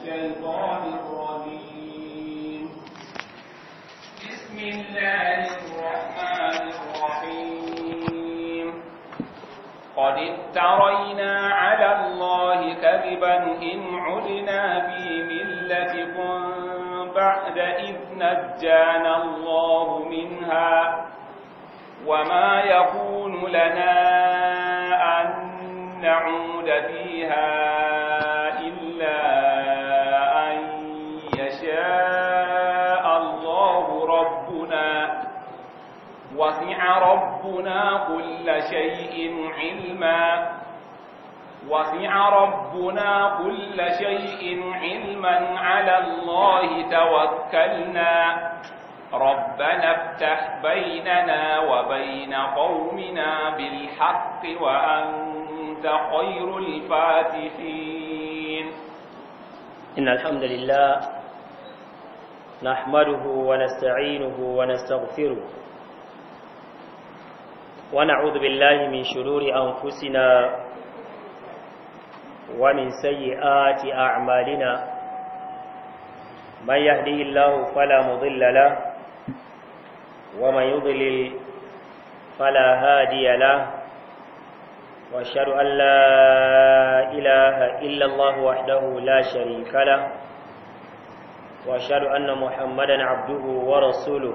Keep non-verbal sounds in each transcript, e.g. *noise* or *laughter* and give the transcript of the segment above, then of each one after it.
الشيطان بسم الله الرحمن الرحيم قد افترينا على الله كذبا إن عدنا في ملتكم بعد إذ نجانا الله منها وما يكون لنا أن نعود فيها ربنا كل شيء علما وسع ربنا كل شيء علما على الله توكلنا ربنا افتح بيننا وبين قومنا بالحق وأنت خير الفاتحين إن الحمد لله نحمده ونستعينه ونستغفره ونعوذ بالله من شرور أنفسنا ومن سيئات أعمالنا من يهديه الله فلا مضل له ومن يضلل فلا هادي له واشهد أن لا إله إلا الله وحده لا شريك له واشهد أن محمدا عبده ورسوله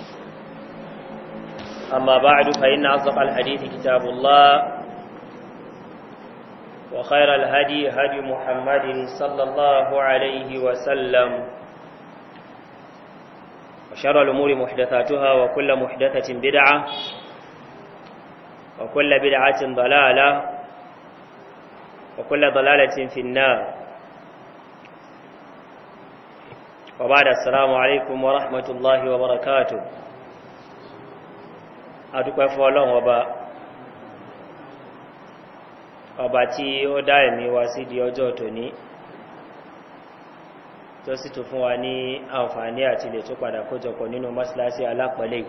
أما بعد فإن أصدق الحديث كتاب الله وخير الهدي هدي محمد صلى الله عليه وسلم وشر الأمور محدثاتها وكل محدثة بدعة وكل بدعة ضلالة وكل ضلالة في النار وبعد السلام عليكم ورحمة الله وبركاته adúpẹ́ fún ọlọ́run ọba ọba tí ó dá ẹ̀mí wa sí di ọjọ́ tòní tó sì tó fún wa ní àǹfààní àti lè tó padà kójọpọ̀ nínú mọ́síláṣí alápọ̀lẹ̀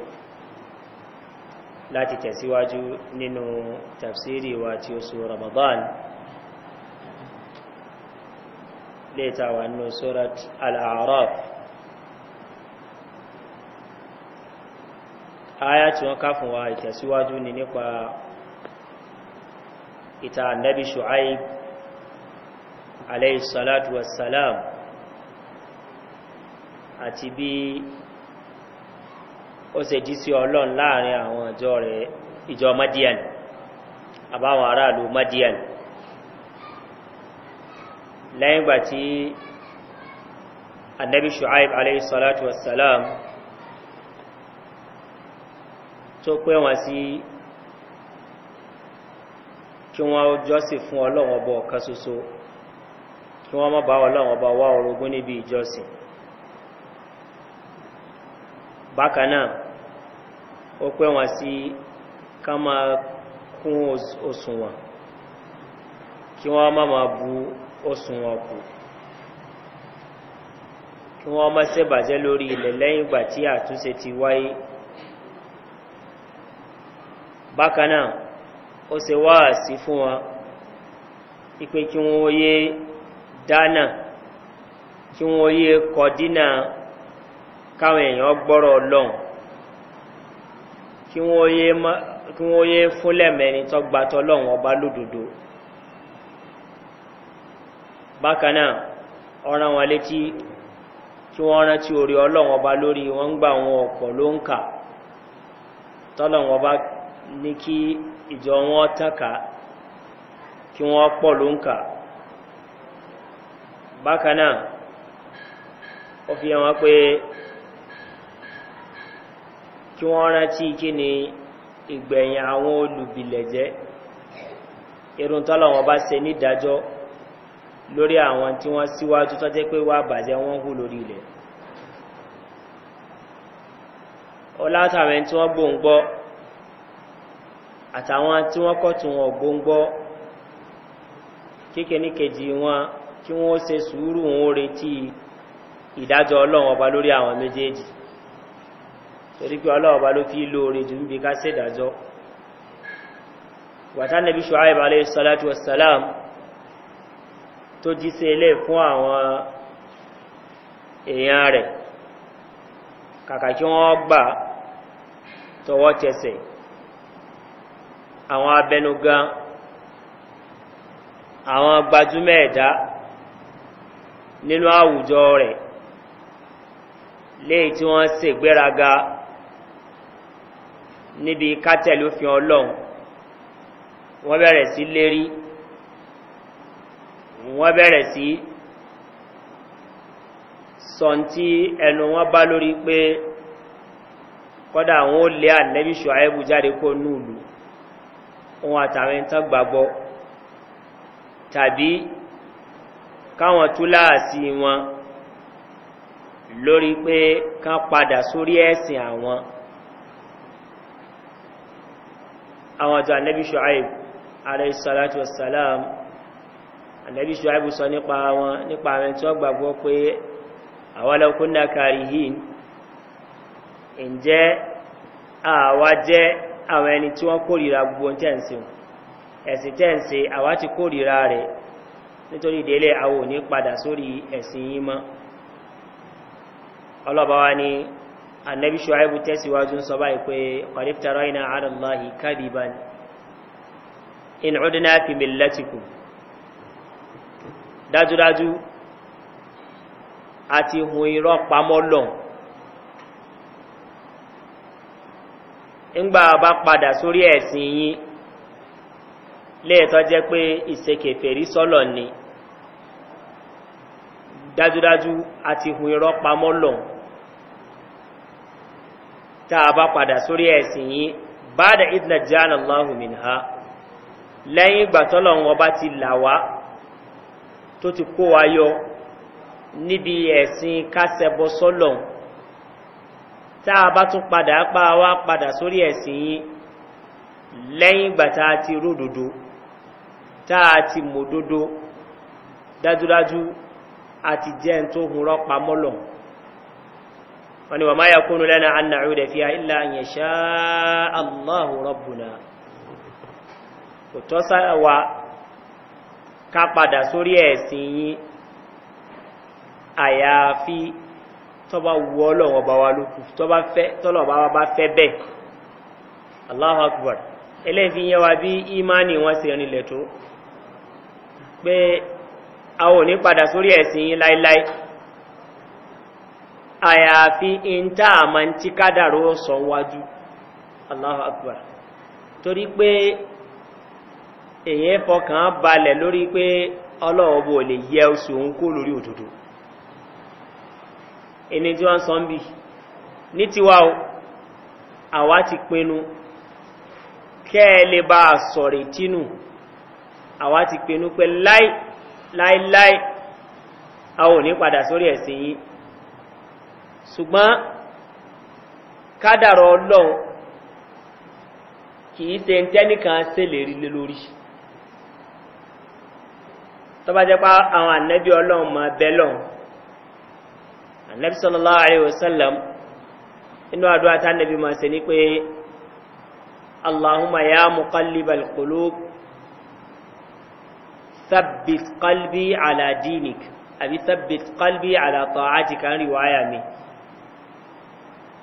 láti tẹ̀síwájú nínú tafsiri wa tí ó sọ ramadan lè tàwà nínú surat al-araf aya tí wọ́n ká fún wa ìtẹ̀síwájú ni nípa ìta annabi shu'aib aleyhisalatu wassalam àti bí ó se jí sí ọlọ́n láàrin àwọn ìjọ rẹ̀ ìjọ madian àbáwọn aráàlú madian lẹ́yìn tí annabi shu'aib aleyhisalatu wassalam tó pé wọn sí kí wọn jọ́sìn fún ọlọ́wọ́n ọba ọ̀kan ṣoṣo kí wọ́n mọ́ bá ọlọ́wọ́n ọba wá orogún níbi ìjọsìn bákan náà ó pé wọn sí ká máa kún òṣùwọ̀n kí wọ́n má máa bu òṣùwọ̀n kù kí wọ́n má ṣèbàjẹ́ lórí ilẹ̀ lẹ́yìn ìgbà tí àtúnṣe ti wáyé. bákanáà ó se wá sí fún wọn ipé kí wọ́n yé dánà kí wọ́n yé kọdínà káwọn èèyàn gbọ́rọ̀ lọ́n kí wọ́n yé fúnlẹ̀mẹ́ni tó gbatọ́ ọba lódòdó bákanáà ọ̀ràn wọn létí kí wọ́n rántí orí ọba lórí wọ́n gbà wọn ọkọ̀ ní kí ìjọ wọn tánká kí wọ́n pọ̀ ló ń kà bákanáà ó fi hàn wọ́n pé kí wọ́n rántí kí ni ìgbẹ̀yìn àwọn olùbìlẹ̀jẹ́ irun tọ́lọ̀ wọn bá se nídàájọ́ lórí àwọn tí wọ́n síwájú tọ́jẹ́ pé wà bàjẹ́ wọ́n hù lórí ilẹ̀ ọlátàwẹ̀ tí wọ́n gbóǹgbọ́ àtàwọn tí wọ́n kọ́ tí wọ́n gbóngbọ́ kíkẹ́ ní kejì wọn kí wọ́n ṣe sùúrù wọn retí ìdájọ́ ọlọ́run ọba lórí àwọn méjèèjì torí pé ọlọ́run ló fi lóore jù níbi ká ṣèdájọ́ wàtá nàbí ṣùháìb aláyhi salatu wasalam tó jíṣẹ́ ilé fún àwọn èèyàn rẹ̀ kàkà kí wọ́n gbà tọwọ́ tẹsẹ̀ àwọn abẹnugan àwọn gbajúmọ̀ ẹ̀dá nínú àwùjọ rẹ̀ léyìí tí wọ́n sì gbéraga níbi kátẹ̀lú fi ọlọ́run wọ́n bẹ̀rẹ̀ sí lérí wọ́n bẹ̀rẹ̀ sí sọ̀ntí ẹnu wọn bá lórí pé kọ́dà àwọn ó lé ànẹ́bíṣọ́ àẹ́bù jáde kó núùlù òun àtàwọn ẹni tán gbàgbọ́ tàbí káwọn túláàsì wọn lórí pé kán padà sórí ẹ̀sìn àwọn àwọn àjọ ànẹ́bí ṣọ́àìb aláìsàlátù wasalam ànẹ́bí ṣọ́àìb sọ nípa wọn nípa àwọn ẹni gbàgbọ́ pé àwọn ọlọ́kùnrin kàrí yìí ǹjẹ́ àwa jẹ́ àwọn ẹni tí wọ́n kórìíra gbogbo tẹ́ǹsì ẹ̀sìn tẹ́ǹsì àwa ti kórìíra rẹ̀ nítorí ìdílé àwọn òní padà sórí ẹ̀sìn yí mọ́ ọlọ́ba ni annabi shu'aibu tẹ́síwájú sọ báyìí pé in ati ńgbà bá padà sórí ẹ̀sìn yín léètọ́ jẹ́ pé ìsekèfèrí sọ́lọ̀ ni dájúdájú àti hun irọ́ pamọ́ lọ tá a bá padà sórí ẹ̀sìn yín bá da ìdílẹ̀ jáàna lọ́hùn mi ha lẹ́yìn ìgbà tọ́lọ̀ wọn ti là wá tó ti kó wa yọ níbi ẹ̀sìn kásẹ̀bọ sọ́lọ̀hùn tá a bá tún padà pa wá padà sórí ẹ̀sìn yìí lẹ́yìn ìgbà tá a ti ródòdó tá a ti mòdòdó dájúdájú a ti jẹ́ ń tó hunrọ́ pamọ́ lọ wọ́n ni wà máa yàkúnnú lẹ́nà annáhùn rẹ̀ fi ha àyẹ̀ṣá aláhùn rọ́bùnà tọba wọ ọlọ́wọ́ bá wa lókù tọba fẹ́ wa bá fẹ́ akbar wa imani wọn sì rìnlẹ̀ pé a ò ní padà sórí ẹ̀sìn láíláí àyàfi ìntà àmà ń tí kádàrú sọ wájú torí pé fọkàn balẹ̀ lórí pé ọlọ́wọ́ bò lè yẹ oṣù òun kó lórí òdòdó ẹni tí wọ́n sọ ń bì ní tiwa o àwa ti pinnu kẹ́ ẹ lè bá a sọ̀rọ̀ ìtinú àwa ti pinnu pé láì láì láì a ò padà sórí ẹ̀sìn yìí ṣùgbọ́n kádàrọ̀ ọlọ́run kìí se ń tẹ́nìkan sẹ́lẹ̀rí lé lórí tọ́bá àwọn ànẹ́bí ọlọ́run mọ̀ bẹ́lọ́run anabi sallallahu alayhi wa sallam inú àdúrà tá nàbí máa ṣe ni pé allahumma ya muqallibal qulub thabbit qalbi ala dinik àbí thabbit qalbi ala ta'atika ń rí wáyà mi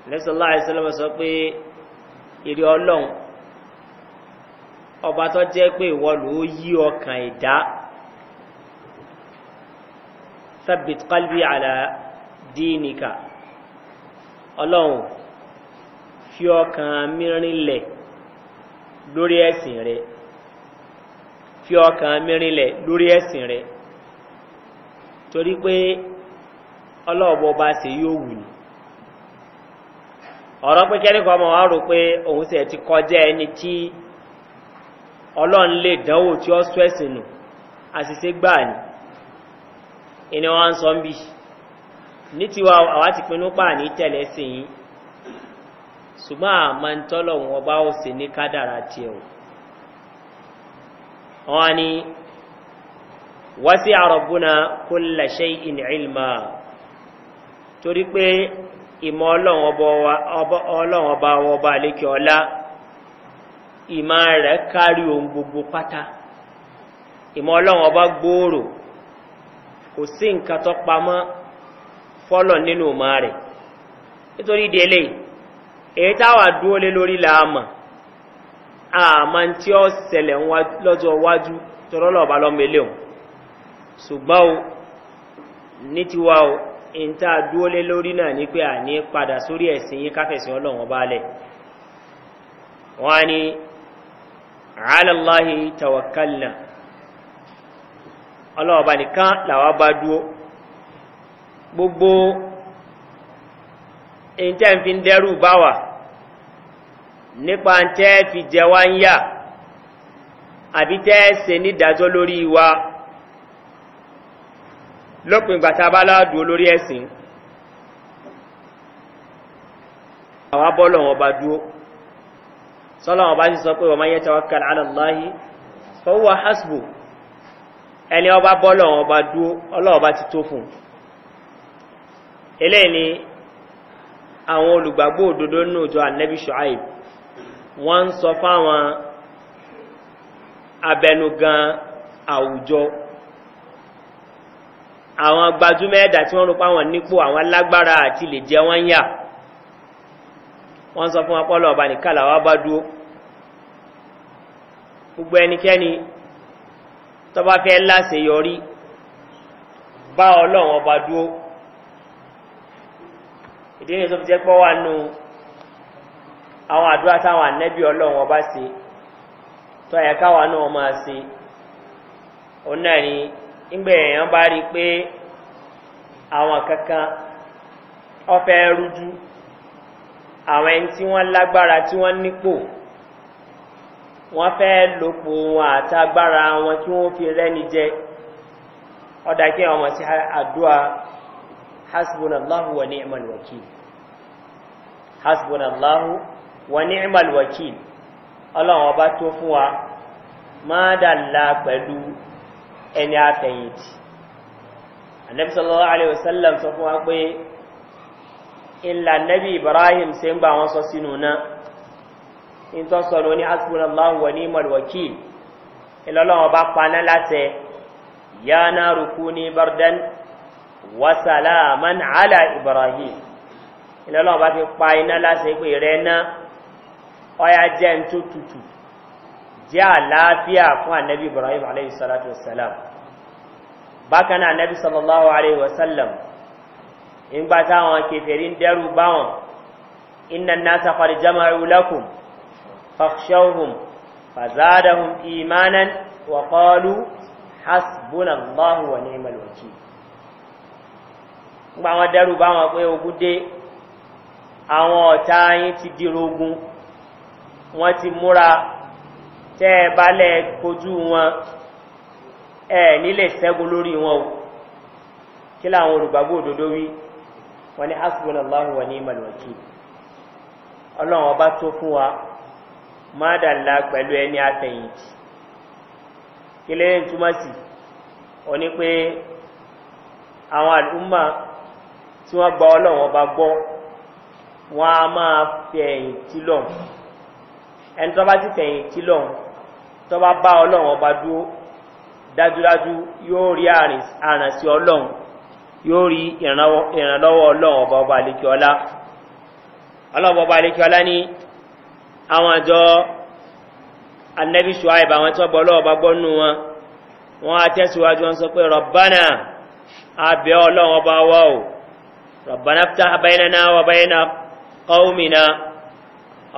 anabi sallallahu alayhi wa sallam sọ pé èrè ọlọ́run ọba tó jẹ́ pé ìwọ ló yí ọkàn thabbit qalbi ala díníkà ọlọ́run fi ọkàn mìírànlẹ̀ lórí ẹ̀sìn rẹ̀ fi ọkàn lórí ẹ̀sìn torí pé ọlọ́ọ̀bọ̀ bá ṣe yóò wù ní ọ̀rọ̀ pé kẹ́ríkọ́ ọmọ wa rò pé òun sì ti kọjá ẹni tí ọlọ́run lè dánwò tí ó sọ ẹ̀sìn nù àṣìṣe gbà ní tiwa àwa ti pinnu pa ní tẹ̀lé sí yín ṣùgbọ́n àmọ́ ń tọ́lọ̀ wọn bá ó sì ní kádàrà ni wọ́n sí àrọ̀bùnà kó lẹ̀ṣẹ́ ìnìlmà torí pé ìmọ̀ ọba ọba àlékè ọlá ìmọ̀ rẹ̀ kárí ohun gbogbo pátá ìmọ̀ ọba gbòòrò kò sí nǹkan tó fọ́lọ̀ nínú ma rẹ̀ nítorí délé èyí táwà dúó lé lórí láàmà àmà tí ó sẹlẹ̀ lọ́jọ́ wájú tọrọlọ́ọ̀bá ní ti wá o in tá dúó lé lórí náà ní pé à ní padà sórí ẹ̀sìn yí káfẹ̀sìn ọlọ́wọ́n bá lẹ̀ wọ́n ni gbogbo ìtẹ́ ń fi dẹ́rù bá wà nípa tẹ́ fi jẹ wá ń yà àbí tẹ́ ṣe nídàjọ́ lórí wa lópin ìgbàta bá ládù olórí ẹ̀sìn àwọn abọ́lọ̀ wọn bá dúó sọ́lọ́wọ́n bá sì sọ pé wọ́n yẹ́ tẹ́wọ́ kàrà aláàláyé fọwọ́ hasbù ẹni ọba bọ́lọ̀ wọn dúó ọlọ́wọ́ ti tó fún un eléyìí ni àwọn olùgbàgbọ́ òdodo nínú ìjọ anabi shuaib wọ́n ń sọ fáwọn abẹnugan àwùjọ àwọn gbajúmọ̀ ẹ̀dà tí wọ́n rò páwọn nípò àwọn lágbára àti lè jẹ́ wọ́n yà wọ́n sọ fún apọ́lọ̀ ọba nìkan làwọn bá dúró gbogbo ẹnikẹ́ni tọ́ba fẹ́ láṣeyọrí bá ọlọ́run ọba dúró. ìdí èyí tó fi jẹ́ pọ́ wà nù àwọn àdúrà táwọn ànẹ́bí ọlọ́run ọba sí tó yẹ káwa náà máa sí òun náà bá rí pé àwọn kankan ọfẹ́ rújú àwọn ẹni tí wọ́n lágbára tí wọ́n nípò wọ́n fẹ́ lòpò wọn àtagbára wọn kí wọ́n fi rẹ́ni jẹ ọ̀dà kí wọ́n mọ̀ sí àdúrà hasbunallahu wa ni'mal wakil hasbunallahu wa ni'mal wakil ọlọ́run ọba tó fún wa máa dàlá pẹ̀lú ẹni àtẹ̀yìntì annabi sallallahu alaihi wasallam sọ fún wa pé ìlà nabi ibrahim se ń gbà wọn sọ sínú náà in tó sọ̀rọ̀ ní hasbunallahu wa ni'mal wakil ìlọ́lọ́run ọba paná láti yánà rukú ní bardan wasalaaman ala ibrahim ìlọ́lọ́wọ́ bá fi pa iná lásìí pé rẹ̀ náà ọya jẹ́ ń tó tutù jẹ́ àlàáfíà fún ànẹ́bí ibrahim aleyhisselam bákan náà ànẹ́bí sallallahu aleyhi wasallam ìgbà táwọn kèfèrí ń dẹ́rù báwọn iná nasa kọ̀dí jama'u lakum fakshawhum fazadahum imanan wa qalu hasbunallahu wa ni'mal wakil ngba wọn dẹrù báwọn pé ogun àwọn ọ̀tá yín ti dirogun wọ́n ti múra tẹ́ ẹ bá lẹ́ kojú wọn ẹ nílẹ̀ sẹ́gun lórí wọn o kí láwọn olùgbàgbọ́ òdodo wí wọn ni asibonallahu wa ní ìmọ̀lùwàkì ọlọ́run ọba tó fún wa mádàlá pẹ̀lú ẹni àtẹ̀yìntì kí lẹ́yìn túmọ̀ sí ní pé àwọn àlùmọ̀ tí wọ́n gba ọlọ́run ọba gbọ́ wọ́n a máa fẹ̀yìn tí lọ́n ẹni tó bá ti fẹ̀yìn tí lọ́n tó bá bá ọlọ́run ọba dúró dájúdájú yóò rí àrànsí ọlọ́run yóò rí ìrànlọ́wọ́ ọlọ́run ọba ọba àlekíọlá ọlọ́run ọba àlekíọlá ní àwọn àjọ anabi shuaib àwọn tí wọ́n gbọ́ ọlọ́run ọba gbọ́ nù wọn wọ́n á tẹ̀síwájú wọn sọ pé rọ̀bánà abẹ́ ọlọ́run ọba wà ó rọ̀bánà fúta abẹ́yẹnà náà wà bẹ́yẹnà kọ́ọ̀mìnà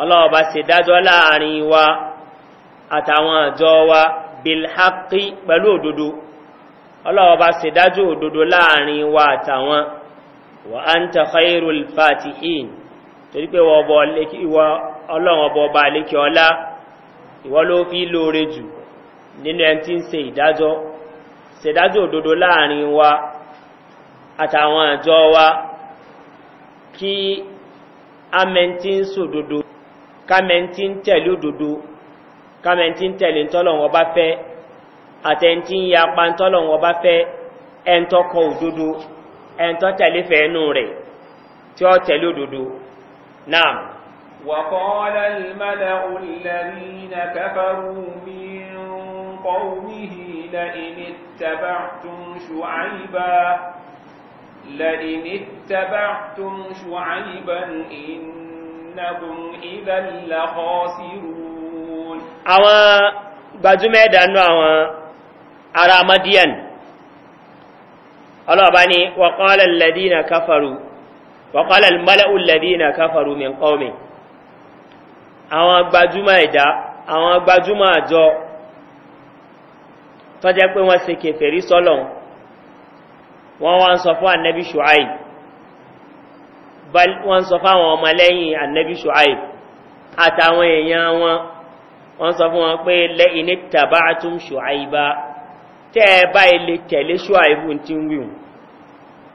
ọlọ́ọ̀bá se dájọ́ láàrin wa àtàwọn àjọ wa bilhaki pẹ̀lú òdodo ọlọ́ọ̀bá se dájọ́ òdodo láàrin wa àtàwọn wà á ń tàkọ́ irul fatihin torí pé ọlọ́run ọba ọba lékè ọlá ìwọ́ ló fi lóore jù nínú ẹni tí ń se ìdájọ́ sèdájọ́ òdodo wa àtàwọn àjọ wa kí amẹ́ntí ń sòdodo kámẹ́ntí ń tẹ̀lé òdodo kámẹ́ntí ń tẹ̀lé ntọ́lọ̀wọ́ bá fẹ́ àtẹ́ntí ń yapa ntọ́lọ̀wọ́ bá fẹ́ ẹntọ́kọ òdodo ẹntọ́ tẹ̀lé fẹ́ nù rẹ̀ tí ó tẹ̀lé òdodo náà. وقال الملأ الذين كفروا من قومه لئن اتبعتم شعيبا لئن اتبعتم شعيبا إنكم إذا لخاسرون àwọn gbajúmọ̀ ẹ̀dánú àwọn ará madian ọlọ́ọ̀bá ni wàkọ́lẹ̀ lẹ́dínà káfàrú wàkọ́lẹ̀ mọ́lẹ̀ù lẹ́dínà káfàrú mi kọ́mì àwọn gbajúmọ̀ ẹ̀dá àwọn gbajúmọ̀ àjọ tọ́jẹ́ pé wọ́n se kèfèrí sọ́lọ̀un wọ́n wá ń sọ fún annabi shu'aib wọ́n sọ fáwọn ọmọlẹ́yìn annabi shu'aib àtàwọn èèyàn wọn wọ́n sọ fún wọn pé lẹ́yìn ní tàbá tún shu'aiba tẹ́ ẹ bá ilé tẹ̀lé shu'aibu tí ń wíwù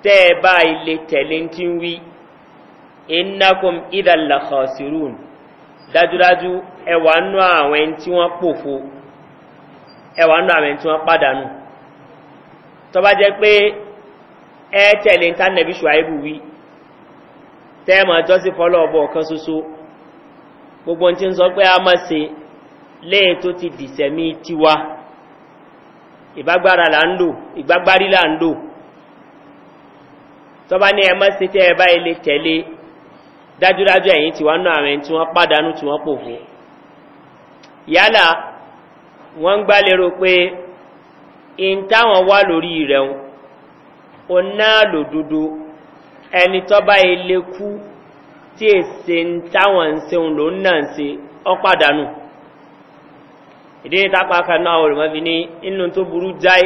tẹ́ ẹ bá ilé tẹ̀lé tí ń wí innakum idalla khasirun dájúdájú ẹwà nú àwọn ẹni tí wọ́n pòfo ẹwà nú àwọn ẹni tí wọ́n pàdánù tọ́bá jẹ́ pé ẹ tẹ̀lé ta nàbí ṣùáìbù wí tẹ́ẹ̀mọ̀ jọ́sí fọ́lọ́ ọ̀bọ̀ ọ̀kan soso gbogbo tí ń sọ pé a mọ́ se léè tó ti dìsẹ̀mí tiwa ìbágbára là ń lò ìgbágbárí là ń lò tọ́ba ní ẹ mọ́ se tẹ́ ẹ bá ilé tẹ̀lé dájúdájú ẹ̀yìn tiwa náà àwọn tí wọ́n pàdánù tí wọ́n pòfo yálà wọ́n ń gbá lérò pé in táwọn lórí rẹ̀ oná lòdodo ẹni tọ́ba ilé kú tí èsè ń táwọn ń seun ló ń náà ọ́pàdánù ìdí ìtàpá kaná olùmọ́fi ní inú tó burú jáì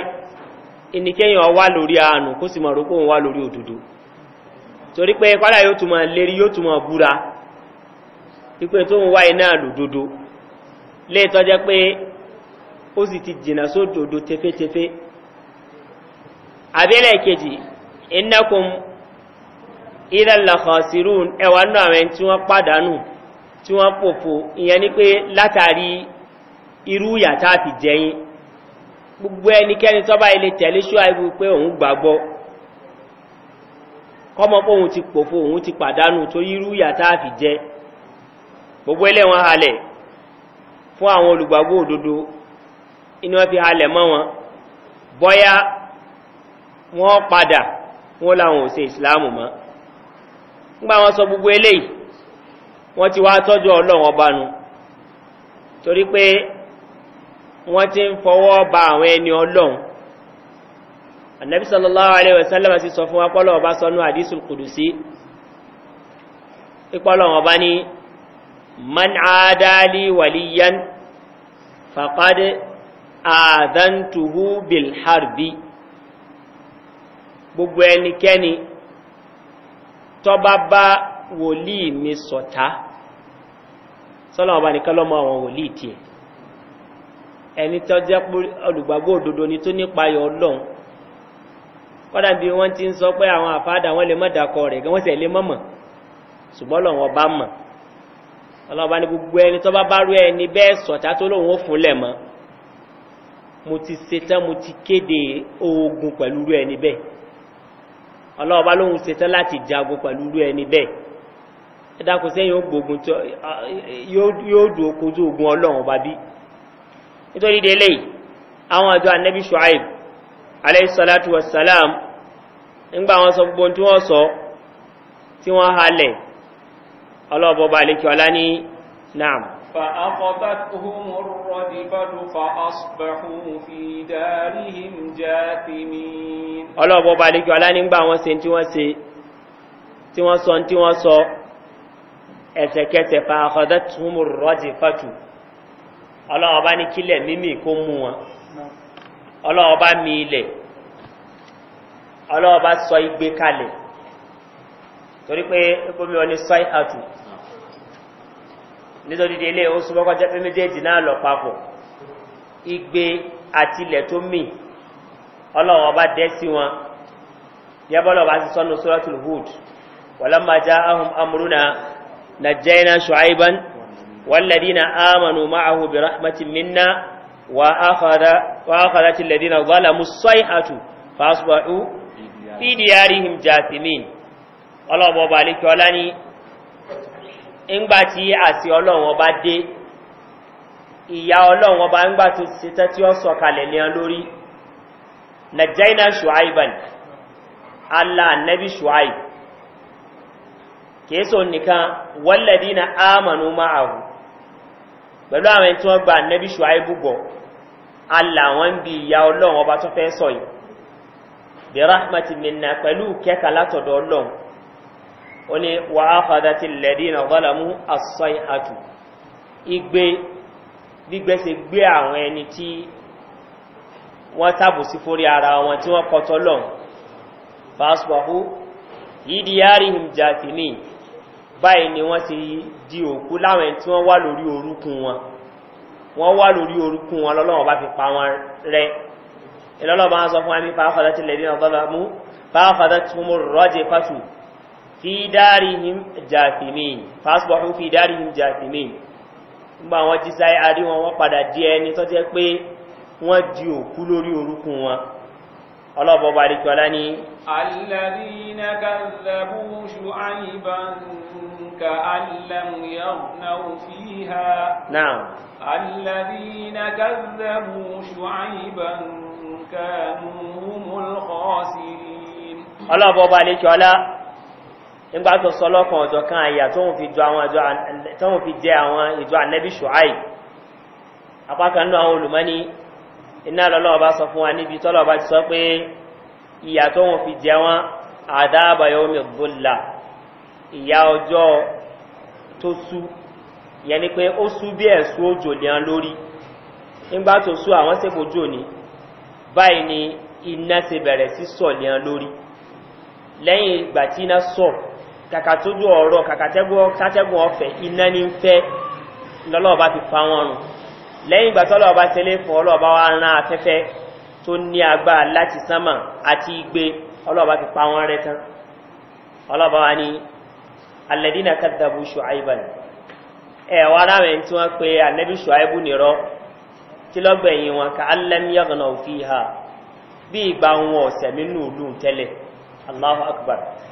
ìníkẹ́yìn wá lórí àánú kó sì mọ̀ wá lórí òdodo torí pé kọ́lá yóò túnmọ̀ lérí yóò túnmọ̀ búra wípé tó ń wá iná lòdodo léètọ́ jẹ́ pé ó sì ti jìnà abẹ́lẹ̀ kejì inákun ìdàlá khasirun ẹwà náà rẹ̀ tí wọ́n pàdánù tí wọ́n pòfò ìyẹn ni pé látàrí irú yàtá àti jẹyìn gbogbo ẹnikẹ́ni tọ́ba ilé tẹ̀lé ṣọ́ àìbù pé òun gbàgbọ́ kọ́mọ pé òun ti pòfò òun ti pàdánù torí irú yàtá àfi jẹ gbogbo ẹlẹ́wọ̀n halẹ̀ fún àwọn olùgbàgbọ́ òdodo inú wọn fi halẹ̀ mọ́ wọn bọ́yá wọ́n padà wọ́n láwọn òsè ìsìláàmù mọ́ nígbà wọn sọ gbogbo eléyìí wọ́n ti wá tọ́jú ọlọ́run ọba torí pé wọ́n ti ń fọwọ́ ba àwọn ẹni anabi sallallahu alayhi wa sallam ọba sọnú àdísùn kùdùsí ìpọ́lọ́ ọba ni man adali waliyan faqad bil harbi. gbogbo ẹnikẹ́ni tọba bá wòlíì mi sọ̀tá sọ́nà ọba nìkan lọ́mọ àwọn wòlíì tiẹ̀ ẹni tó jẹ́ pé olùgbàgbọ́ ni tó nípa ayọ̀ ọlọ́run kọ́dà bí wọ́n ti ń sọ pé àwọn àfáàdà wọn lè mọ́ dàkọ rẹ̀ gan wọ́n sì lè mọ̀mọ̀ ṣùgbọ́n lọ́wọ́ bá mọ̀ ọlọ́ba ní gbogbo ẹni tó bá bá rú ẹni bẹ́ẹ̀ sọ̀tá tó lóun ó fúnlẹ̀ mọ́ mo ti ṣetán mo ti kéde oògùn pẹ̀lú rú ẹni bẹ́ẹ̀ ọlọ́ọ̀bá lóhun ṣetán láti jagun pẹ̀lú irú ẹni bẹ́ẹ̀ ẹ̀dàkù sẹ́yìn ó gbógun tó yóò dùn oko tó ogun ọlọ́run bá bí nítorí délé àwọn àjọ anabi shuaib aleyhisalatu wasalam nígbà wọn sọ gbogbo tí wọn sọ tí wọn halẹ̀ ọlọ́ọ̀bọ̀ bá lè kí ọlá ní naam فأخذتهم الرجفة فأصبحوا في دارهم جاثمين الله بابا عليك ولا نبا وسين تي وسي تي وسون تي وسو ẹ̀tẹ̀kẹtẹ̀ fàákọ̀dá túnmù rọ́jì fàtù ọlọ́wọ́ bá ní kílẹ̀ mímì kó mú wọn ọlọ́wọ́ bá mi ilẹ̀ ọlọ́wọ́ bá sọ igbe kalẹ̀ torí pé ẹgbẹ́ mi ọ ní sọ́ìhàtù nítorí délé ó súnmọ́ kọjá pé méjèèjì náà lọ papọ̀ igbe àtilẹ̀ tó mì ọlọ́run ọba dẹ́ sí wọn yẹ́bọ́lọ́ bá ti sọ́nu suratul hood wàlámà já ahùn amúrúnà na jẹ́nà ṣùáìbán wàlladina amanu ma'ahu bi rahmatin minna wa akhadha til ńgbàtí àti ọlọ́run ọba dé ìyá ọlọ́run ọba ńgbà tó ti tẹ́ tí ó sọ kalẹ̀ ní lórí nàìjíríà ṣùáìbàn allah annabi ṣùáì kìí sọ nìkan wọ́lẹ̀dí na ámànú máàrù pẹ̀lú àwọn tí wọ́n gba annabi ṣùáì búgbọ̀ allah wọ́n bí ìyá ọlọ́run ọba tó fẹ́ sọ yìí bí rahmat minna pẹ̀lú kẹ́kà látọ̀dọ̀ ọlọ́run ó ní wà á fàdá ti lẹ̀dí ìnà ọ̀dọ́làmú asọ́ì àtù igbe gbígbẹ́sẹ̀ gbé àwọn ẹni tí wọ́n tàbù sí fórí ara wọn tí wọ́n kọtọ́ lọ́n fásitì yìí di yáàrí ìjàtìmí báyìí ni wọ́n ti di òkú láwọn ẹni tí wọ́n wà lórí orúkún wọn wọ́n wà lórí orúkún wọn lọ́lọ́wọ́ bá fi pa wọn rẹ ìlọ́lọ́wọ́ bá ń sọ fún ẹni fáfàdá ti lẹ̀dí ìnà ọ̀dọ́làmú fáfàdá tí mú rọ́jẹ́ pàtó fi dárihim jàfìmín fásbọ̀hún fi dárihim jàfìmín nígbà oku lori sáyé àrí wọn wọ́n padà dí ẹni tó jẹ́ pé wọ́n di òkú lórí orúkún na ofi ha. rí kọlá ní الذين كذبوا شعيبا كانوا هم الخاسرين الله بابا عليك ولا nígbà tó sọ lọ́kàn ọ̀jọ̀ kan àyà tóun fi jẹ àwọn ìjọ ànẹ́bí ṣùáì apákan náà àwọn olùmọ́ni iná lọ́lọ́ọ̀bá sọ fún wa níbi tọ́lọ́ọ̀bá ti sọ pé ìyà tóun fi jẹ wọn àdáàbàyọ̀ omi bọ́là ìyà ọjọ́ tó sú yẹni pé ó sú bí ẹ̀sùn òjò lẹ́án lórí nígbà tó sú àwọn sèkò jò báyìí ni iná ti bẹ̀rẹ̀ sí sọ̀ lẹ́án lórí lẹ́yìn ìgbà tí iná sọ̀rọ̀ kàkà tójú ọ̀rọ̀ kàkà sátẹ́gùn ọ̀fẹ́ iná ní ń fẹ́ lọ́lọ́ọ̀bá ti pa wọn rùn lẹ́yìn ìgbà tọ́lọ́ọ̀bá tẹ́lẹ̀ fún ọlọ́ọ̀bá wa rán afẹ́fẹ́ tó ní agbára láti sánmà àti igbe ọlọ́ọ̀bá ti pa wọn rẹ tán ọlọ́ọ̀bá wa ní alẹ́dínà kàdàbù ṣùáìbàn ẹ̀ wá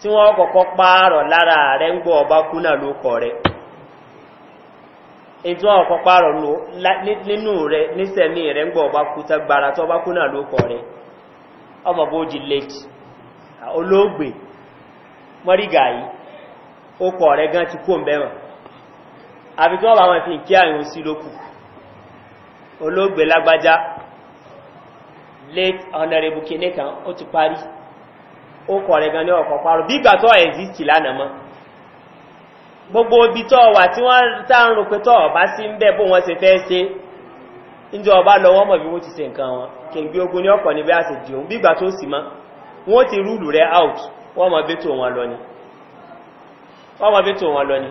tí wọ́n kọ̀kọ́ pààrọ̀ lára rẹ̀ ń gbọ́ ọba kú ló kọ̀ rẹ̀ èyí tí wọ́n kọ̀kọ́ pààrọ̀ nínú rẹ̀ nísẹ̀mí rẹ̀ ń gbọ́ ọba tó ọba ló kọ̀ rẹ̀ late olóògbé mọ́rígà yìí ó kọ̀ rẹ̀ gan ti kó mbẹ́mọ̀ àfi tí wọ́n bá wọn fi ó kọrọ rẹ̀ gan ní ọ̀pọ̀ parọ̀ bí ìgbà ọ ẹ̀zìtì lánàá mọ́ gbogbo ibi tọ́ wà tí wọ́n tá ń pé tọ́ ọ̀bá sí ń bẹ́ bó se fẹ́ ṣe ọba lọ wọ́n mọ̀ bí wọ́n ti se nǹkan wọn kì í gbé ogun ní ọ̀pọ̀ níbi bí sì mọ́ wọ́n ti rúlù rẹ̀ out wọn lọ ni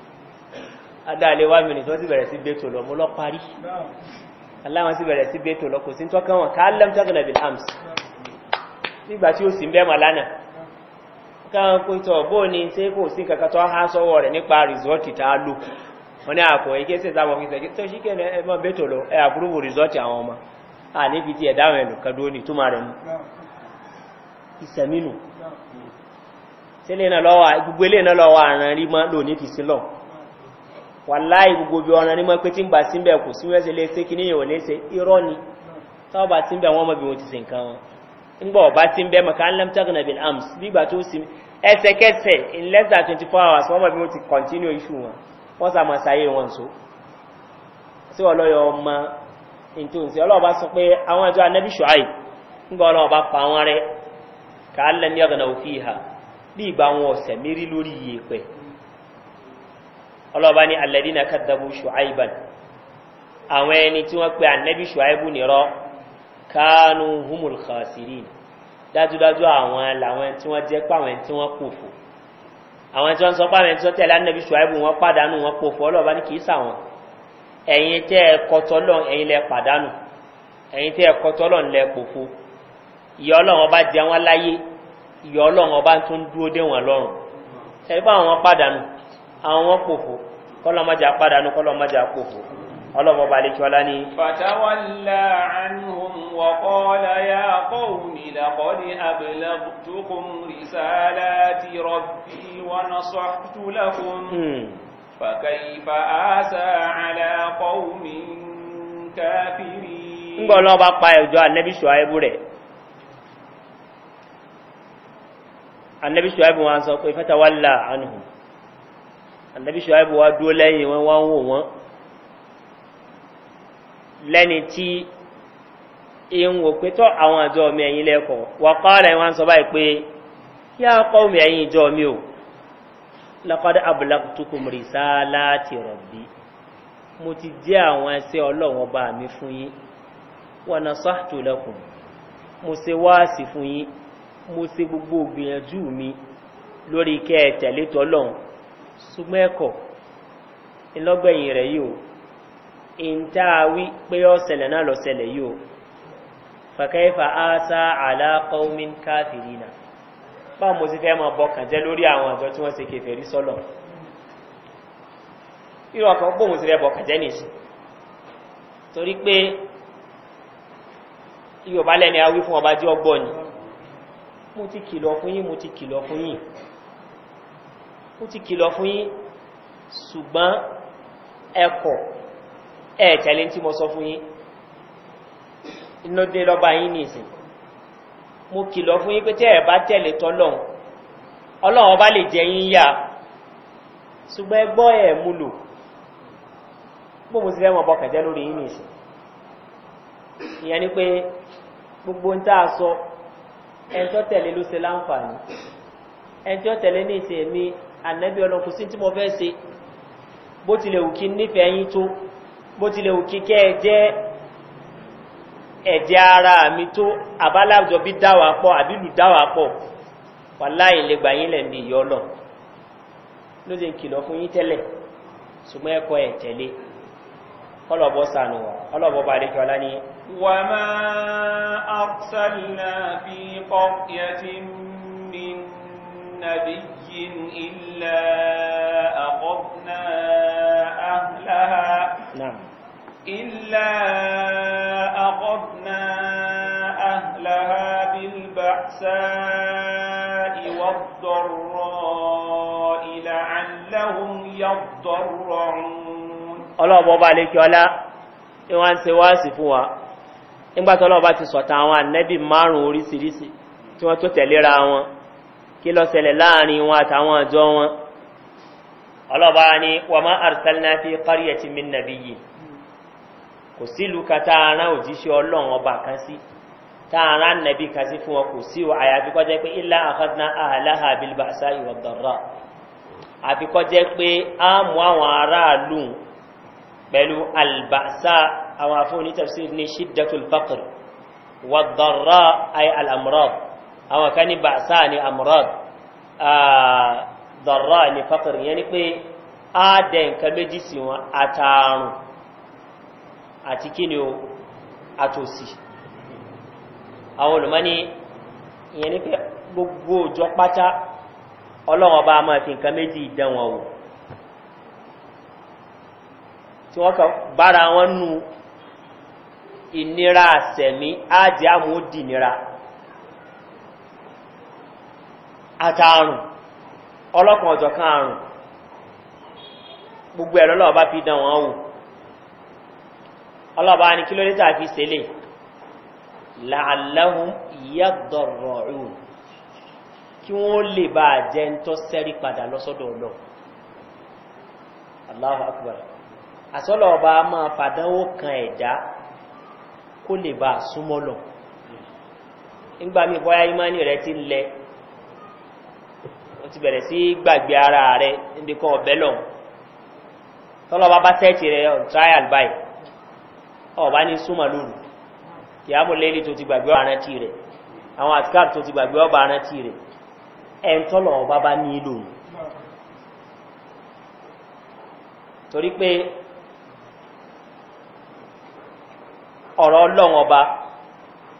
adáàlé wá mìíràn tó sì bẹ̀rẹ̀ sí gbé tó lọ mú lọ parí aláwọn sì bẹ̀rẹ̀ sí gbé tó lọ kò sí tọ́kàn wọn ká lẹ́m tọ́gànà bí hams nígbà tí ó sì ń bẹ́mà lánà káwọn kó tọ̀ bó kò sí kankan tó a lò wọn ní àpò ẹ̀kẹ́ sì sábọ̀ kí sẹ́kí tó ṣíkẹ́ ẹ mọ́ bẹ́ tó lọ ẹ àbúrúbù rìsọ́ọ̀tì àwọn ọmọ à níbi tí ẹ̀dá rẹ̀ lùkà dúró ní túmọ̀ rẹ̀ mú ìsẹ̀mínú sílé náà lọ́wọ́ gbogbo ilé náà lọ́wọ́ àrùn rí mọ́ wàláì gbogbo bí ọ̀nà ní mọ́ pé tí ń si sí bẹ̀ kò sí wẹ́sẹ̀ léṣe kí níyàn irọ́ ni ti ń bẹ̀ wọ́n si bí wọ́n ti wọn ọba ti ń bẹ́ mọ̀ ká ń arms nígbà tó sì ẹsẹ̀kẹsẹ̀ in less than twenty four hours wọ́n mọ̀ bí wọ́n ti continue issue wọn wọ́n sà mọ̀ sáyé wọn so sí ọlọ́yọ̀ ọlọ́ba ní alẹ́dínà kàdàbù ṣùáìbàn àwọn ẹni tí wọ́n pe ànẹ́bí ṣùáìbù nìrọ kánú humul khasiri dájúdájú àwọn làwọn tí wọ́n jẹ́ pàwọn tí wọ́n pòfò àwọn tí wọ́n sọ pàwọn tí wọ́n tẹ̀lé ànẹ́bí ṣùáìbù wọ́n pàdánù wọ́n pòfò ọlọ́ba ní kìí sàwọn ẹ̀yin tẹ́ ẹ kọtọ́lọ́ ẹ̀yin lẹ pàdánù ẹ̀yin tẹ́ ẹ kọtọ́lọ́ lẹ pòfò ìyọ́ ọlọ́run ọba àwọn pòfò kọlọmọjà padànù kọlọmọjà pòfò ọlọ́wọ́ bá lè kí ọlá ní fàtàwàlá àánúhùn wọ̀kọ́lá yá kọ́wù nílàkọ́lé abẹ̀lẹ́tukùn rìsàálá ti rọ̀bí wọn sọ́túlẹ̀kùn fàkàífà áásà alákọ́wùmí káfírí ńgbọ́ ọlọ́wọ́ bá pa ẹ̀jọ́ anẹ́bíṣọ́ ayébú rẹ̀ sọ pé fàtàwàlá àánúhùn ànábì ṣùgbọ́n wa dúró lẹ́yìn wọn wá ń wò wọ́n lẹ́ni tí ń wò pé tọ́ àwọn àjọ mi ẹ̀yìn lẹ́kọ̀ọ́ wà kọ́ọ̀lẹ̀ wọn sọ báyìí pé kí á kọ́ mi ẹ̀yìn ìjọ mi o lọ́kọ́dá abúlákùtùkùn rìsá láti rọ̀bí mo ti jẹ́ àwọn ẹsẹ́ ọlọ́wọ́n bá mi fún yín wọn na sọ́ọ̀tù lẹ́kùn mo se wáàsì fún yín mo se gbogbo ògbìyànjú mi lórí kẹ́ ẹ̀ tẹ̀lé ṣùgbọ́n ẹ̀kọ́ ìlọ́gbẹ̀yìn rẹ̀ yìí o ìntà wí pé ó ṣẹlẹ̀ náà lọ ṣẹlẹ̀ yìí o fàkẹ́fà áṣà àlàkọ́wọ́mìn káfìrí náà báwọn mo sì fẹ́ mọ bọkàn jẹ́ lórí àwọn àjọ tí wọ́n ṣe kẹfẹ́ rí sọ́lọ̀ irú ọkàn pọ̀ mo ti kìlọ̀ fún yín mo ti kìlọ̀ fún yín ó ti kìlọ̀ fún yí ṣùgbọ́n ẹkọ̀ ẹ̀ẹ̀tẹ̀lé tí mo sọ fún yí inú dé lọ́ba yí ní ìsìn mo kìlọ̀ fún yí pé tẹ́ ẹ̀ bá tẹ̀lé tọ́lọ́hun ọlọ́run bá lè jẹ yín yá ṣùgbọ́n ẹgbọ́ ẹ̀ mú lò mo ti fẹ́ mọ̀ bọ́kàn lórí yí ní ìsìn ìyẹn ni pé gbogbo ń tá a sọ ẹjọ́ tẹ̀lé ló ṣe láǹfààní ẹjọ́ tẹ̀lé ní ìsìn ẹ̀mí ànẹ́bí ọlọ́run kò sí tí mo fẹ́ ṣe bó tilẹ̀ òkí nífẹ̀ẹ́ yín tó bó tilẹ̀ òkí kẹ́ ẹ jẹ́ ẹ̀jẹ̀ ara mi tó àbálájọ bí dáwà pọ̀ àbílù dáwà pọ̀ wà láì lè gbà yín lẹ̀ ní ìyọ́ náà ló ṣe ń kìlọ̀ fún yín tẹ́lẹ̀ ṣùgbọ́n ẹ̀kọ́ ẹ̀ tẹ̀lé ọlọ́bọ̀ sànù نبي إلا أخذنا أهلها نعم إلا أخذنا أهلها بالبأساء والضراء لعلهم يضرعون الله بابا عليك ولا ìwọ́n se wá sí fún wa nígbàtọ́lọ́wọ́ bá ti sọ̀tà àwọn ànẹ́bì márùn-ún orísìírísìí tí wọ́n tó tẹ̀léra wọn kí lọ sẹlẹ̀ láàrin wọn àtàwọn àjọ wọn ọlọ́ba ni wọ́n má arsalna fi kárí ẹ̀ ti mi nàbí yìí kò sílùú ka tá a rán òjíṣẹ́ ọlọ́run ọba kan sí tá a rán nàbí kan sí fún wọn kò sí o àyàfi kọ́ jẹ́ pé ilá àkọ́dúnà àhàláhà bilbasa ìwọ̀ àwọn kan ní bàṣá ní amurad dọ̀rọ̀ ní fakir yẹn ni pé á dẹ̀ nǹkan méjì sí wọn àtàrùn àti kí ni o àtòsí àwọn olùmọ́ni ìyẹn ni pé gbogbo òjò pátá ọlọ́wọ́n bá máa fi nǹkan méjì dán wò tí wọ́n kà bára wọn nu ìnira àsẹ̀mí á jẹ́ àmúdìnira àtàrùn ọlọ́kan ọ̀jọ̀ kan àrùn gbogbo ẹ̀rọ lọ́ọ̀bá fi dán wọn wò ọlọ́ọ̀bá ní kí ló dé tàbí sẹ́lẹ̀ làálẹ́hùn ki ìhùn kí wọ́n lè bá jẹ́ ń tọ́ sẹ́rí padà lọ́sọ́dọ̀ ọlọ́ aláhùn akbar àsọ́lọ̀ ọba máa fàdánwò kan ẹ̀dá kó lè bá súnmọ́ lọ nígbà mi bọ́yá ìmánì rẹ̀ ti lẹ̀ ti bẹ̀rẹ̀ sí gbàgbé ara rẹ̀ níbi kan ọ̀bẹ lọ tọ́lọ́ba bá sẹ́ẹ̀tì rẹ̀ on trial báyìí ọ̀bá ní súnmọ̀ lóru kì á mú lélẹ̀ tó ti gbàgbé ọba arántí rẹ̀ àwọn àtikáà tó ti gbàgbé ọba arántí rẹ̀ ẹ̀ ń bá ní ìlò torí pé ọ̀rọ̀ ọlọ́run ọba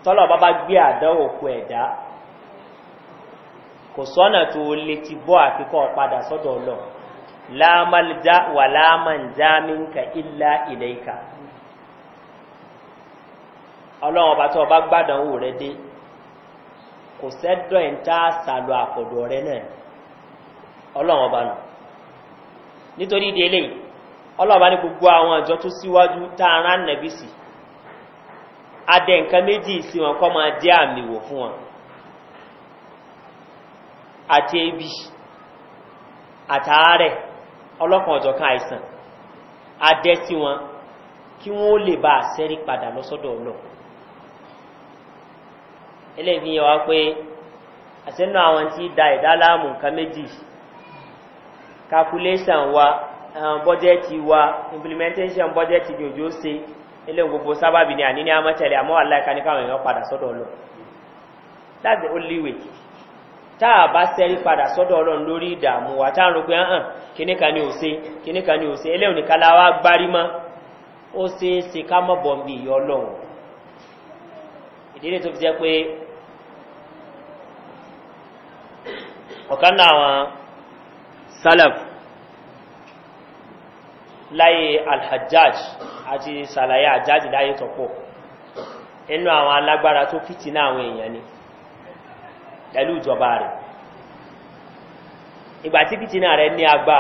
tọ́lọ̀ ọba bá gbé àdánwò kú ẹ̀dá kò sọ́nà tó lè ti bọ́ àfikọ́ padà sọ́dọ̀ lọ lámàlìjá wà lámàjámínka ilá ilẹ̀ika ọlọ́run ọba tó ọba gbádànwò rẹ dé kò sẹ́dọ̀ ẹ̀ ń tá sàlọ àkọ̀dọ̀ rẹ náà ọlọ́run ọba nù nítorí délé ọlọ́run ọba ní gbogbo àwọn ìjọ àti ebi àtàárẹ̀ ọlọ́kan ọ̀jọ̀kan àìsàn adẹ́ sí wọn kí wọ́n lè bá àṣẹ́rí padà lọ́sọ́dọ̀ ọlọ́ ẹlẹ́gbìn yẹ pé àṣẹ́nà àwọn tí da ìdáláàmù nǹkan méjì calculation wa um, budget wa implementation budget ni òjò ṣe ilé gbogbo sábàbí ni àní àmọ́tẹ̀lẹ̀ àmọ́ èèyàn padà sọ́dọ̀ ọlọ́ that's the only way ta bá sẹ́rí padà sọ́dọ̀ ọlọ́run lórí ìdààmú wa táà ń ro kíníkà ni ò se kíníkà ni ò se eléyìí nìkan láwa gbárí mọ́ ó ṣe é ká mọ́ bí ìyọ́ ìdílé tó fi jẹ́ pé ọ̀kan salaf láyé alhajjaj àti sàlàyé àjájì láyé tọ̀pọ̀ inú àwọn alágbára tó fìtì náà àwọn èèyàn ni. pẹ̀lú ìjọba rẹ̀ ìgbà tí kìtìnà rẹ̀ ní agbá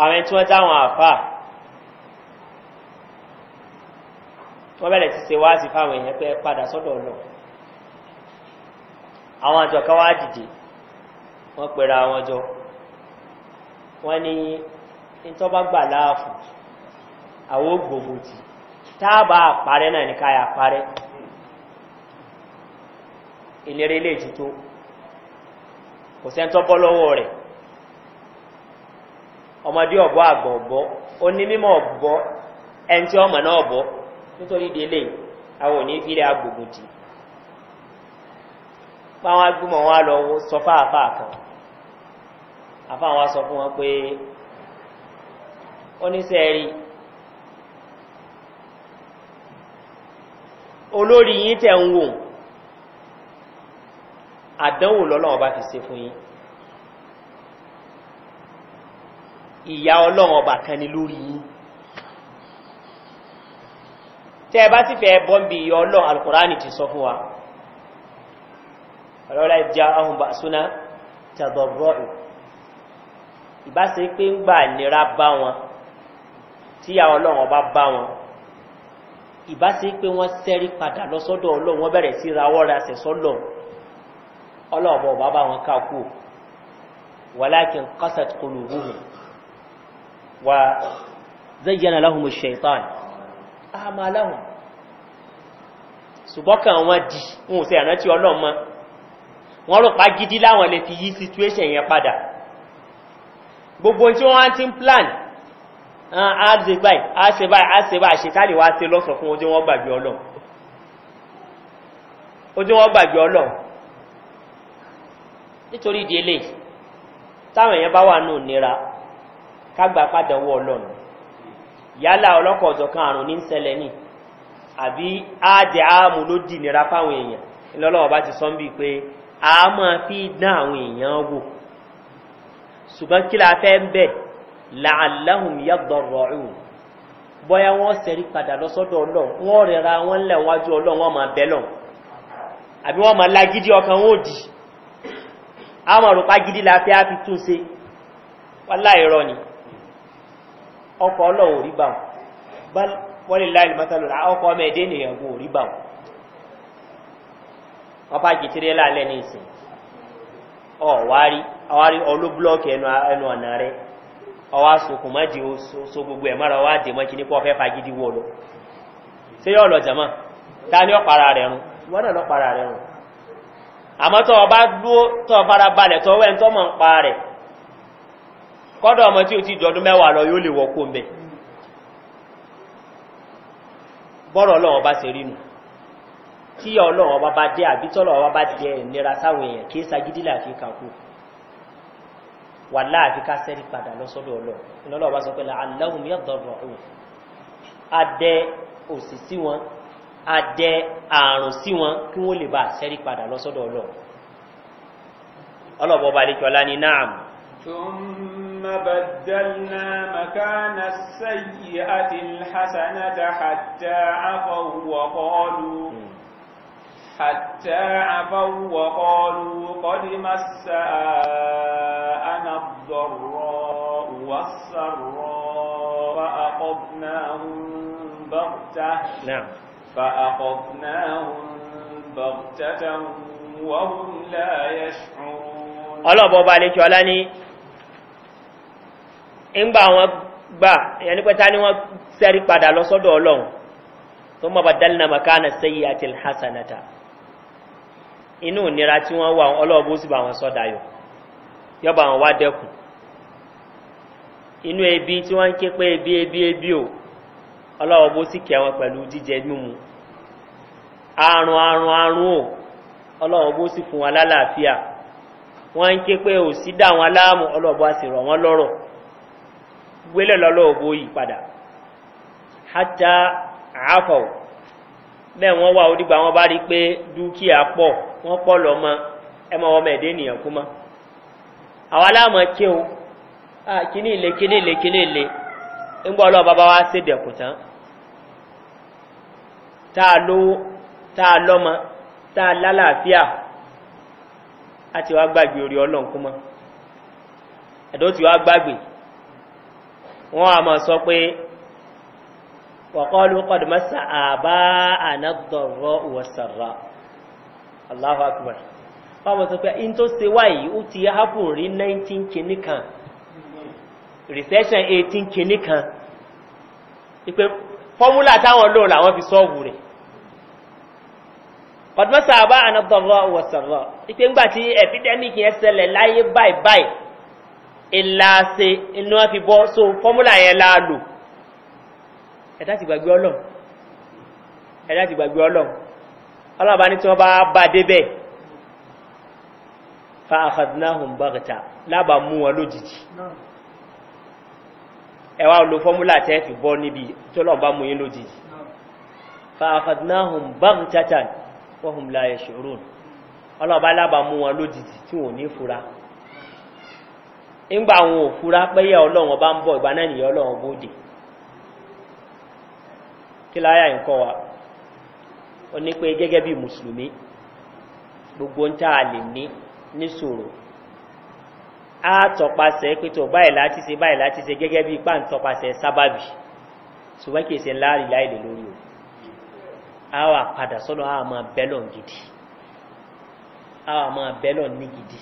àwọn tí wọ́n táwọn àfà wọ́n bẹ̀rẹ̀ ti se wá sí fáwọn èèyàn pé padà sọ́dọ̀ lọ àwọn àjọ kan wá dìde wọ́n pèrè àwọn jọ wọ́n ní ìtọ́ bá gbà láàfù àwọn ògbòmòtì táàbà àparẹ́ náà ní káyà ìlera ilé ìtútó kò sẹ́ntọ́ bọ́ lọ́wọ́ rẹ̀ ọmọdé ọ̀bọ́ àgbọ̀ọ̀bọ́ oní mímọ̀ ọ̀bọ́ ẹn tí ọmọ náà ọ̀bọ́ nítorí délé àwọn òní fi wọn lọ sọ fáàfà kan àfáà wọn sọ fún wọn pé oníṣẹ́rí olórí yìí tẹ̀ ń àdánwò lọ́lọ́run ọba fi ṣe fún yín ìyá ọlọ́run ọba kan ni lórí yín tẹ́ ẹ bá sì fẹ́ bọ́m̀bì ìyá ọlọ́run alukùránì ti sọ fún wa ọlọ́run ẹja ọhún bá súná tẹ̀dọ̀rọ̀rù ìbáṣe pé ń gbà nira bá wọn tíyà ọlọ́run ọba bá wọn ìbáṣe pé wọ́n sẹ́rí padà lọ sọ́dọ̀ ọlọ́run bẹ̀rẹ̀ sí rawọ́ ra ṣẹ̀sọ́ ọlọ́ọ̀bọ̀ bàbá wọn káàkù wàlákin kásàt kulubuhu wa zayyana lahum shaitan ahama lahum ṣùgbọ́kà wọn di wọn sí àná tí ọlọ́mọ wọn rò pa gidi láwọn lè fi yí situation yẹn padà gbogbo tí wọ́n ti ń plan a ṣe gbàgbé ọlọ́run nítorí ìdí eléyìí táwọn èèyàn bá wà ní òníra kágbà pàdánwò ọlọ́run yálà ọlọ́kọ̀ ọ̀jọ̀kan àrùn ní sẹlẹ̀ ní àbí áàdẹ̀ áàmù ló dì nira fáwọn èèyàn lọ́lọ́wọ́ bá ti sọ́n bíi pé a máa fi dán àwọn èèyàn wò ṣùgbọ́n kí la fẹ́ ń bẹ̀ làálàhùn yàgbọ̀rọ̀ ọ̀hún bọ́yá wọ́n sẹ̀rí padà lọ́sọ́dọ̀ ọlọ́run wọ́n rẹra wọ́n lẹ̀ wájú ọlọ́run wọ́n máa bẹ́ àbí wọ́n máa lágídí ọkàn wọn ò dì àwọn òrùpá gidi la fi á fi tún ṣe wálá ìrọ ni ọkọ̀ ọlọ́wọ̀ rí báwọn wọ́n lè láì mọ́tàlù ọmọ ẹ̀dẹ́ nìyàn gbò rí báwọn wọ́n bá jìtìrẹ́ lálẹ́ ní ìsìn ọ̀wárí ọ̀wárí olúbúlọ́ọ̀kì gbogbo àmọ́ tọ́ ọba dúó tọ́ fara balẹ̀ tọ́ wẹ́ tọ́ mọ̀ ń pa rẹ̀ kọ́dọ̀ ọmọ tí ó ti jọdún mẹ́wàá lọ yóò lè wọ́kó mẹ́ bọ́rọ̀ ọlọ́wọ́ bá se rínu tí ọlọ́wọ́ bá bá dé bá adẹ àrùn sí wọn kí wọ́n lè bá sẹ́rí padà lọ́sọ́dọ̀ ọlọ́ ọlọ́bọ̀ bá lékọ́ lá ní náàm ثم بدلنا مكان السيئة الحسنة حتى عفوا وقالوا حتى عفوا وقالوا قد مس أنا الضراء والسراء وأقضناهم بغتة نعم فأخذناهم بغتة وهم لا يشعرون الله بابا عليك ولا ني إن باوا gbà yẹni pẹ́ta ni wọ́n sẹ́rí padà lọ sọ́dọ̀ ọlọ́run tó mọ̀ bá dálínà makana sẹ́yí àti hasanata inú ìnira tí wọ́n wà ọlọ́ọ̀bó sì bá wọn sọ́dá yọ yọba wọn wá dẹ́kùn inú ebi tí wọ́n ń ké pé ebi ebi ebi o ọlọ́wọ́ bó sì kẹ́ pẹ̀lú jíjẹ mímu àrùn àrùn àrùn ò ọlọ́wọ́ bó sì fún wọn lálàáfíà wọ́n ń ké pé ò sí dá wọn láàmú ọlọ́wọ́ bá sì rọ̀ wọ́n lọ́rọ̀ gbélẹ̀ lọ́lọ́wọ́ bó yìí padà hátà àáfọ̀ bẹ́ẹ̀ wọ́n wà ó dìgbà wọn bá rí pé dúkìá pọ̀ wọ́n pọ̀ lọ́mọ ẹ mọ ọmọ ẹ̀dẹ́ ènìyàn kú mọ́ àwa láàmú kí o kíní ilé kíní ilé kíní ilé ńgbọ́ ọlọ́ bàbá wá sí taa tán táà lọ́mọ táà lálàáfíà a ti wá gbàgbé orí ọlọ́nkú ẹ̀dọ́ ti wá gbàgbé wọ́n a máa sọ pé wọ̀kọ́ ló àbá ànádọ̀rọ̀ ìwọ̀sàrà aláhùn akùnrin wọ́n mọ̀ in tó wáyìí ó ti hápùn 19 recession 18 kìíní kan ìpè fọ́múlà táwọn lò làwọn fi sọ́ọ̀wù rẹ̀ ọdún sábà anadọ́rọ̀ wọ̀sọ̀rọ̀ ìpè ńgbà tí epidemic yẹn sẹlẹ̀ láyé báyìí báyìí ìlàsẹ̀ inú wọn fi bọ́ so fọ́múlà yẹn láàlò ẹ̀dá ti gbàgbé ọlọ́m ẹ̀dá ti gbàgbé ọlọ́m ọlọ́ọ̀bá ní tí wọ́n bá bá débẹ̀ fa àkàdúnáhùn bàgàtà lábàá mú wọn lójijì náà ẹwà lo fọ́múlà tẹ́ fi bọ́ níbi tó bá mú yín lójì fàáfàdínáhùn báhùn tátà fọ́hùn láyé ṣòrún ọlọ́ọ̀bá lábàá mú wọn lójì tí wọ́n ní fura ńgbà àwọn fura pẹ́yẹ ọlọ́wọ́n bá ń bọ̀ ìgbà náà nìyẹn ọlọ́wọ́n bóde kí láyà ń wa ó ní pé gbogbo ń tá a lè a tọpasẹ̀ pé tó báyìí láti ṣe báyìí láti ṣe gẹ́gẹ́ bí ipá ń tọpasẹ̀ sábàbì ṣùgbọ́n kìí ṣe láàrin láìlè lórí o a wà padà sọ́nà a máa bẹ́lọ̀ gidi a wà máa bẹ́lọ̀ ní gidi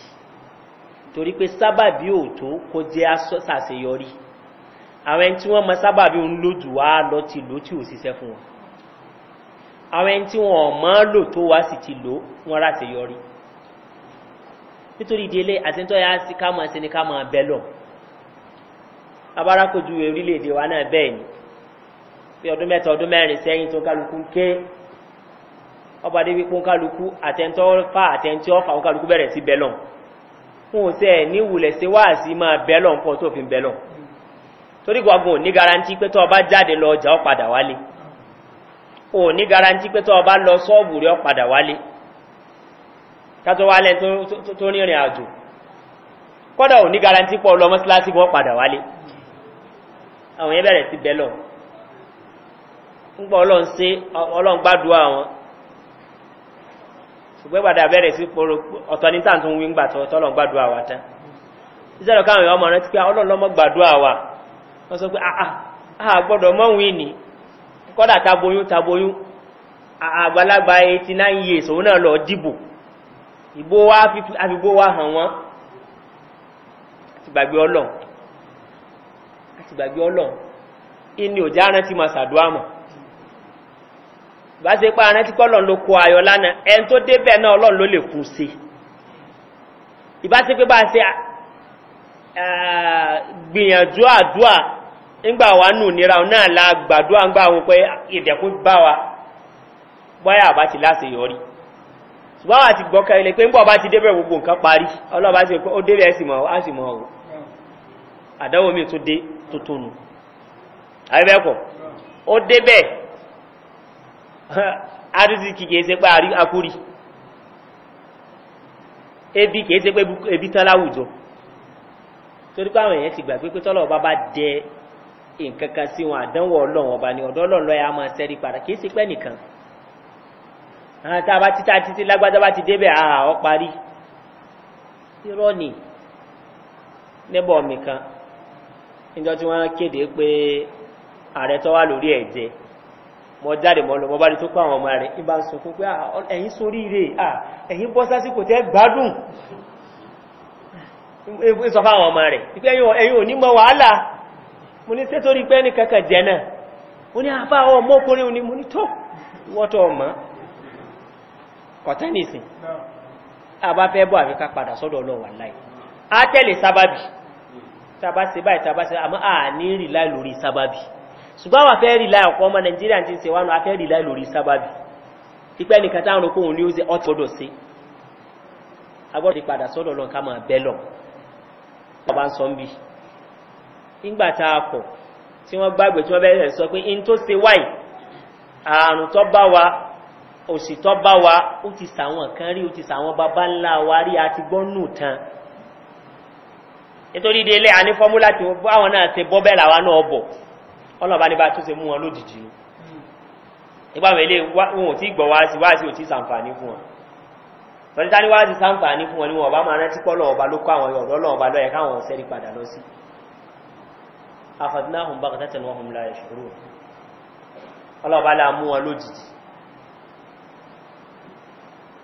torí pé sábàbí ò tó kó jẹ́ sàṣeyọrí àwọn ẹni tí wọ́n mọ sábàbí ń lò wá lọ ti lò tí ò ṣiṣẹ́ fún wọn àwọn ẹni tí wọ́n mọ́ lò tó wá sì ti lò wọ́n rà ṣeyọrí nítorí ìdílé àti tó yá sí ká máa ṣe ni ká máa bẹ lọ abárakójú orílẹ̀-èdè wa náà bẹ́ẹ̀ ni pé ọdún mẹ́ta ọdún mẹ́rin sẹ́yìn tó kálukú ké ọba débi pé kálukú àtẹ̀ntọ́ fà àtẹ̀ntí ọ̀fà kálukú bẹ̀rẹ̀ sí bẹ́lọ̀ fún òsẹ́ ní wùlẹ̀ sí wá sí máa bẹ́lọ̀ nǹkan tó fi bẹ́lọ̀ torí gbọ̀ngàn ní garanti pé tó ọba jáde lọ ọjà ọ padà wálé ò ní garanti pé tó ọba lọ sọ́ọ̀bù rẹ ọ wálé kátó wálẹ̀ tó rìnrìn àjò kọ́dà ò ní garanti pọ̀ lọ mọ́síláṣí bọ́ padà wálé àwọn yẹn bẹ̀rẹ̀ sí bẹ́lọ̀ ńgbọ́ ọlọ́run ṣe ọlọ́run gbádùá wọn ṣùgbọ́n padà bẹ̀rẹ̀ sí poro ọ̀tọ̀ ní tàǹtún wí ńgbà tọ́lọ́run gbádùá wa tán ìṣẹ́lẹ̀ káwọn èèyàn ọmọ rẹ ti pé ọlọ́run lọ́mọ gbádùá wa wọ́n sọ ah, ah, ah, eighty nine years òun náà lọ dìbò ìbò wa àfibò wa hàn wọ́n àti gbàgbé ọlọ́run àti gbàgbé ọlọ́run ìní òjá rántí ma sàdúwà mọ̀ bá ṣe pa rántí kọ́lọ̀ ló kó ayọ̀ lánàá ẹn tó débẹ̀ náà ọlọ́run ló lè kú sí ìbá ṣe pé bá ṣe gbìyànjú àdúà ńgbà wa nù nira náà la gbàdúà ńgbà wọn pé ìdẹ̀kún bá wa bọ́yà àbá ti láṣeyọrí. wá àti gbọ́ka ilẹ̀ pé ń bọ̀ bá ti débẹ̀ gbogbo nǹkan parí ọlọ́bàá sí pé ó débẹ̀ ẹ̀sìmọ̀ ọ̀rọ̀ àdáwò mi tó dé tó tónù àríbẹ́kọ̀ ó débẹ̀ àdúsí *laughs* kìí ṣe pé akúrí ebi kìí ṣe pé ebi tán láwùjọ torí pé àwọn èèyàn ti gbà pé pé tọ́lọ̀ ọba bá nǹkan kan sí wọn àdánwò ọba ni ọ̀dọ́ máa padà kìí ṣe pẹ́ tá a bá títà títí lágbádá bá ti débẹ̀ àà ọ parí irọ́ ni níbọ̀ mi kan níjọ́ tí wọ́n kéde pé ààrẹ tó wà lórí ẹ̀jẹ̀ mọ jáde mọ lọ mọ bá rí tó kọ àwọn ọmọ rẹ̀ ìbá sọkún pé ẹ̀yìn sórí rẹ̀ ẹ̀yìn bọ́ sásìkò tẹ́ gbádùn sọ fáwọn ọmọ rẹ̀ ìpé ẹ̀yìn òní mọ wàhálà mo ní sétorí pé ní kankan jẹ náà mo ní àfáwọn ọmọkùnrin òní mo ní tó wọ́tọ̀ ọmọ kọ̀tán nìsín àbá fẹ́ bọ́ àfikà padà sọ́dọ̀ ọlọ́wà láì á tẹ̀lé sábàbì tàbá se báyìí tàbá se àmọ́ à ní rí láì lórí sábàbì ṣùgbọ́n àwọn afẹ́ rí láì ọ̀pọ̀ ọmọ nàìjíríà ti ń se wánu afẹ́ rí láì lórí sábàbì pípẹ́ nìkan táwọn okòwò ní ó ṣe ọtí gbọdọ̀ sí agbọ́dọ̀ ti padà sọ́dọ̀ òsìtọ́ bá wa ó ti sàwọn kan rí ó ti sàwọn bàbá ńlá wa rí àti gbọ́nù tán nítorí délé àní fọ́múlà tí àwọn náà ṣe bọ́ bẹ́ẹ̀ làwa náà bọ̀ ọlọ́ọ̀bá ní bá tún ṣe mú wọn lójijì ni nígbà mẹ́lẹ̀ wọn ò tí gbọ̀ wá sí wáàsí ò tí sàǹfààní fún wọn lọ́dí tá ní wáàsí sàǹfààní fún wọn ni wọn ọba máa rántí pọ́ lọ́ọ̀ba ló kọ́ àwọn ọ̀dọ́ lọ́ọ̀ba lọ́yẹ káwọn ọ̀sẹ́ padà lọ sí afadúnáhùn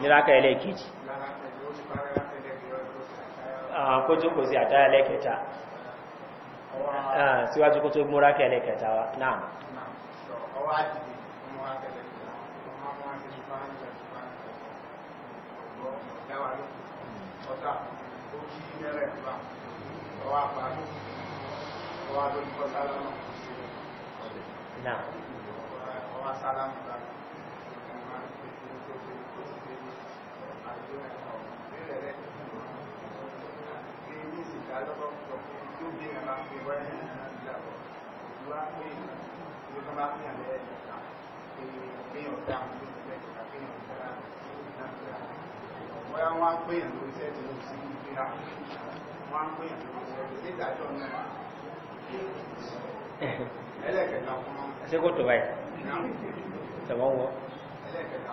níraka ẹlẹ́kìtì kó tó kò sí àtàrà ẹlẹ́kẹta síwájú kó tó múra kẹlẹ́kẹta wa náà Nah. bóyá wọ́n á pè yàn lórí iṣẹ́ tí ó sì ń gbéra wọ́n á pè yàn lórí iṣẹ́ tí nídàájọ́ náà ẹlẹ́kẹ̀ẹ́ta fún wọn. ṣé kò tó báyìí? tẹ̀wọ́n wọ. ẹlẹ́kẹ̀ẹ́ta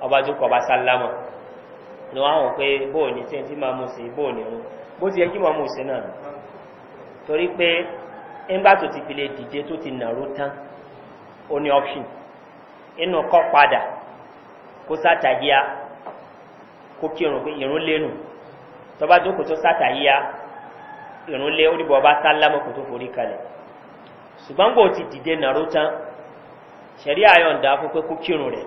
ọba tó ọba bá sálámọ̀ wọ́n pé bóò ní tí tí máa mú sí bóò òun bó ti yẹ kí mú sí náà torí pé ńgbà tó ti fi lè dìde tó ti nàró tán ó ní option inú kọ́ padà kó sátàyíá kó kírun pé irun tọ́ba tó tó sátàyíá ìrún lé ọba sálámọ̀ kò tó forí kalẹ̀ ṣùgbọ́n tán àyọ̀ǹda fún pé kó kírun rẹ̀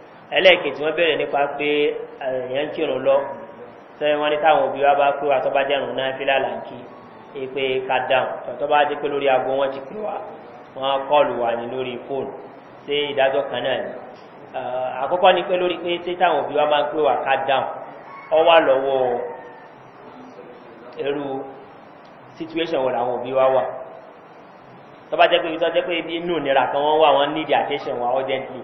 ẹlẹ́ẹ̀kejì wọ́n bẹ̀rẹ̀ nípa pé èèyàn ń kírun lọ sẹ́yìn wọ́n ní táwọn òbí wa bá pé wa tọ́ba dẹ̀rùn náà fi lálàá kí i pé ká dáhùn tọ́ba ti pé lórí aago wọ́n ti pè wá wọ́n kọ́ọ̀lù wà ní lórí fóònù ṣé ìdájọ́ kan náà ni àkọ́kọ́ ni pé lórí pé ṣé táwọn òbí wa máa ń pè wá ká dáhùn ọ wà lọ́wọ́ ẹrú situation wọ̀ làwọn òbí wa wà tọ́ba jẹ́ pé ibi tọ́ jẹ́ pé ibi inú ìnira kan wọ́n wà wọ́n need attention wa urgently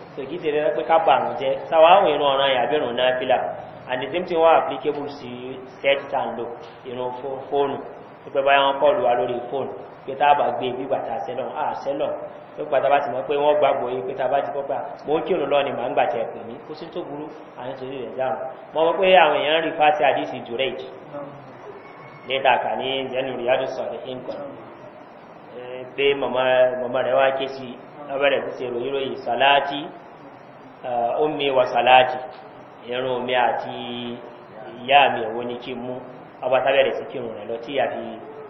sèkì tẹ̀lé pé ká bà àrùn jẹ́ sáwọn ìrún ọ̀ràn yàbí ìrún náà fílà and the same thing wọ́n applicable sí set and low ìrún fóònù pípẹ́ báyà wọn kọ́ọ̀lù wa lórí fóònù pé tá a bá gbé bí bàtà sẹ́lọ̀ à sẹ́lọ̀ pé bàtà bá ti mọ̀ pé wọ́n gbàgbọ́ yìí pé tá a bá ti kọ́pà mò ń kírun lọ́ọ̀ ni màá ń gbàtẹ̀ pè mí kó sí tó burú àyìn torí rẹ̀ dáhùn mo mọ̀ pé àwọn èèyàn ń rí fásitì àdìsí jùrẹ́ẹ̀jì lẹ́tà kà ní jẹ́nu rìádùsọ̀rẹ́ ìǹkan pé mọ̀mọ́ rẹ̀ wá ké sí i wọ́n bẹ̀rẹ̀ sí ṣe salati ròyìn sàláàtì eh, omi wa sàláàtì ìrún omi àti ìyá mi ẹ̀wọ́ ní kí mú abátábẹ̀rẹ̀ sí kírun rẹ̀ lọ tí àfi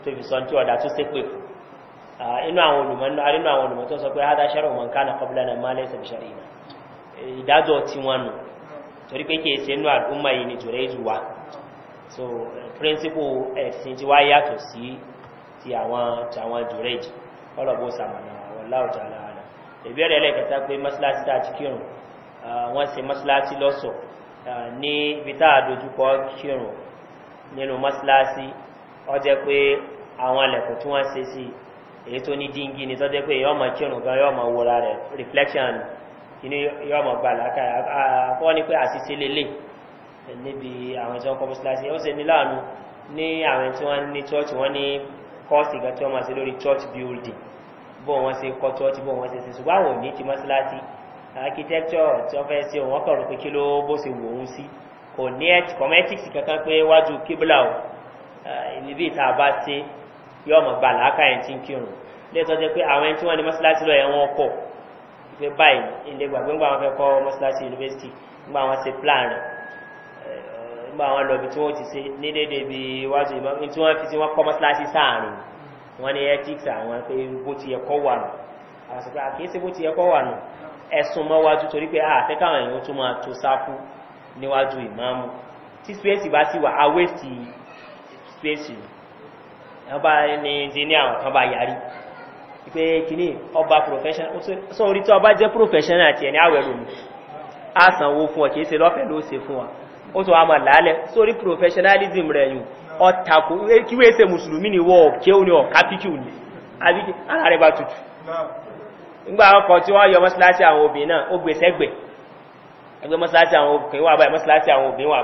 tó fi sọ́n tí ọ̀dá inu awon fún ah, inú àwọn olùmọ̀ tó sọ pé hádá ṣẹ́rọ̀ mọ̀ nǹkan àkọ́bílẹ̀ náà máa lẹ́sẹ̀ ṣẹ̀rẹ̀ ìnà ìdájọ́ tí ti nù ni jùlẹ̀ so principle ti wọ́n ìbéèrè ẹlẹ́kẹta pé mọ́síláṣí tá a ti kírun wọ́n se mọ́síláṣí lọ́sọ̀ ní ibi tá a dojúkọ kírun nínú mọ́síláṣí ọ jẹ́ pé àwọn ẹlẹ́kùn tí wọ́n ṣe sí èyí tó ní díngí ni tọ́jẹ́ pé yọ́mọ kírun gan yọ́mọ wọra rẹ̀ reflection inú yọ́mọ gbà lákàrà àkọ́ ni pé àṣìṣe lélẹ̀ níbi àwọn ìṣọ́ kọ́ mọ́síláṣí ó se ní láàánú ní àwọn tí wọ́n ní church wọ́n ní kọ́ọ̀sì gan tí church building bó wọn ṣe kọ́ tí wọ́n ti bó wọn ṣe ṣe ṣùgbọ́n àwọn òní ti mọ́ṣáláṣí architecture tí wọ́n fẹ́ ṣe wọ́n kàn rò pé kí ló bó ṣe wò ó sí kò ní kọ́mẹ́tíkì kankan pé wájú kíbla o níbi ìta bá ṣe yọ ọmọ gbà láàkà ẹ̀ tí ń kírun lẹ́tọ́ jẹ́ pé àwọn ẹni tí wọ́n ní mọ́ṣáláṣí lọ ẹ̀wọ̀n kọ̀ pé báyìí ilé gbàgbé wọn fẹ́ kọ́ mọ́ṣáláṣí yunifásitì ńgbà wọn ṣe plan rẹ̀ ńgbà wọn lọ ibi tí wọ́n ti ṣe ní déédéé bí wájú ìmọ̀ tí wọ́n fi sí wọ́n ní ethics àwọn pé bó ti ẹkọ́ wà nù àṣìkò àkíyèsí bó ti ẹkọ́ wà nù ẹ̀sùn mọ́wájú torí pé àtẹ́kàwọn èèyàn tó máa tó sáfú níwájú ìmáàmù tí space bá sì wà awéèsì space ni wọ́n bá ní engineer àwọn kan bá yarí pé kìíní ọba professional sọ orí tí ọba jẹ́ professional àti ẹni àwẹ̀ lómi á sanwó fún ọ kìí ṣe lọ́fẹ̀ẹ́ ló ṣe fún wa ó tún wá máa làálẹ̀ sórí professionalism rẹ̀ yùn ọ̀tàkù kíwé ṣe musulmi ni wọ́ kí o ní ọ̀ká píkì ò ní àbíkí ara tutù nígbà ọkọ̀ tí wọ́n yọ mọ́síláṣí àwọn obìnrin náà ó gbèsè gbè ẹgbẹ́ àwọn obìnrin wà báyìí mọ́síláṣí àwọn obìnrin ah, wà ah,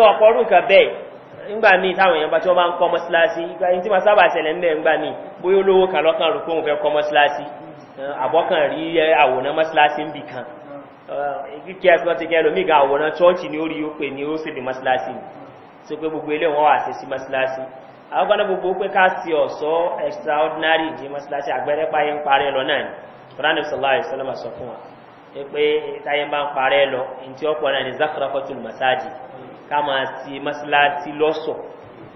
báyìí wa ni ńgbà mi, táwọn èèyàn bá tí wọ́n bá ń kọ́ mọ́síláṣí ìgbà yìí tí ma sábà ṣẹlẹ̀ ńlẹ̀ ńgbà míì bóyá olówó kan lọ́kàn rò pé òun fẹ́ kọ́ mọ́síláṣí àbọ́kàn rí àwòrán mọ́síláṣí ń bì kan kíkẹ́ ẹ̀sọ́ ti kẹ́ lómi ga àwòrán chọ́ọ̀chì ní so extraordinary di mọ́síláṣí àgbẹ̀rẹ́ páyé ń parẹ́ lọ náà ránì sọlá ìsọlọ́mà sọ fún wa pé táyé bá ń parẹ́ ká máa ti mọ́síláti lọ́sọ̀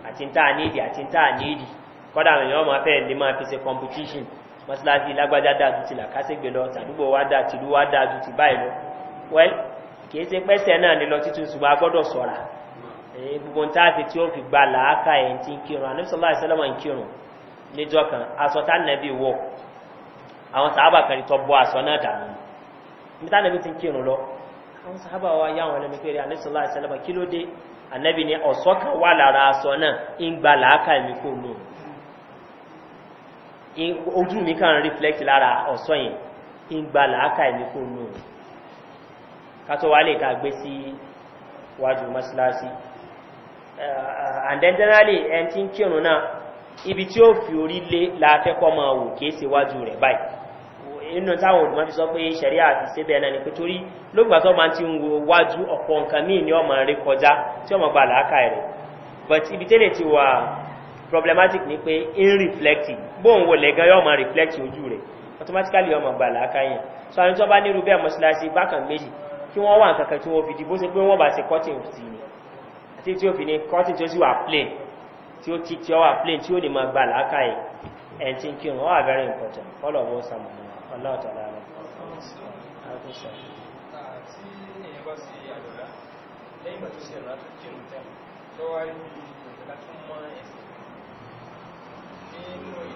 àti ń tàà nídìí àti ń tàà nídìí kọ́dà àwọn èèyàn máa fẹ́ lè máa fi ṣe competition mọ́síláti lágbájá dáadù ti làkásẹ́gbè lọ tàdúgbò wá dáa ti báyìí lọ well kìí ṣe pẹ́sẹ̀ náà nílọ títún ṣùgbọ́n a gbọ́dọ̀ sọ̀ra gbogbo ní táàfin tí ó fi gba làákà ẹ̀ ti ń kírun àníṣọ́lá ìṣẹ́lẹ̀mọ̀ ń kírun níjọ kan aṣọ tánàbí wọ̀ àwọn sàábà kan tó àwọn sábà wa yawon àwọn ẹlẹ́mi pé rẹ̀ àníṣe láì sẹ́lẹ̀mà kí ló dé ànẹ́bì ni ọ̀sọ́ kan wà lára aṣọ náà ń gba mi kò nù ojú mi reflect lára ọ̀sọ́ gba làákà kò nù lè ka gbé sí wájú mọ́síláṣí eh, and then tí ń náà ibi tí ó fi orí lé láàfẹ́kọ́ máa wò kìí wájú rẹ̀ inú táwọn olùmọ́ fi sọ pé ṣẹ̀rí àti ṣébẹ̀ náà ni pé torí lóògbàtọ́ máa ti ń wo wájú ọ̀pọ̀ nǹkan míì ní ọmọ rẹ kọjá tí ọmọ gbà láàkà rẹ̀ but ibi tẹ́lẹ̀ ti wà problematic ni pé in reflecting bóun wọlé gan yọ ọmọ reflect ojú rẹ̀ automatically ọmọ gbà láàkà yẹn so àwọn tó bá ní irú bẹ́ẹ̀ mọ́ṣíláṣí bákan méjì kí wọ́n wà nǹkan kan tí wọ́n fi di bó ṣe pé wọ́n bá ṣe cutting sí ni àti tí ó fi ní cutting tí ó sì wà plain tí ó ti tí ó wà plain tí ó lè máa gbà láàkà yẹn ẹ̀ tí ń wà very important all of us are Allah ta'ala ne Àwọn ẹ̀sìn yẹn lórí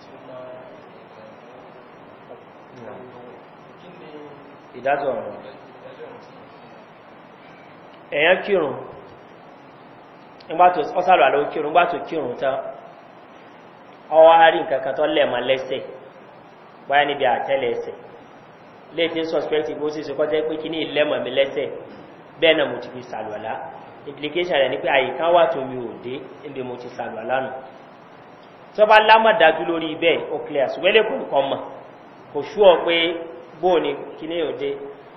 tí ó máa ń ìdájọ́ ọ̀rọ̀. Ẹ̀yàn kírùn-ún nígbàtò ọ́sàlù àlọ́ kírun nígbàtò kírun tán ọwọ́ àárín nǹkan tó lẹ̀mọ́ lẹ́sẹ̀ báyá níbi àtẹ́lẹ̀ ẹsẹ̀ lè tí mi lẹ́sẹ̀ bẹ́ẹ̀ náà mo ti fi sàlùwàlá implication rẹ̀ ni pé àyíká wà tó mi ò dé níbi mo ti sàlùwàlá nù tó bá lámọ̀ dájú lórí bẹ́ẹ̀ ó clear kò mọ̀ kò ṣú ọ pé bóò ni kí ní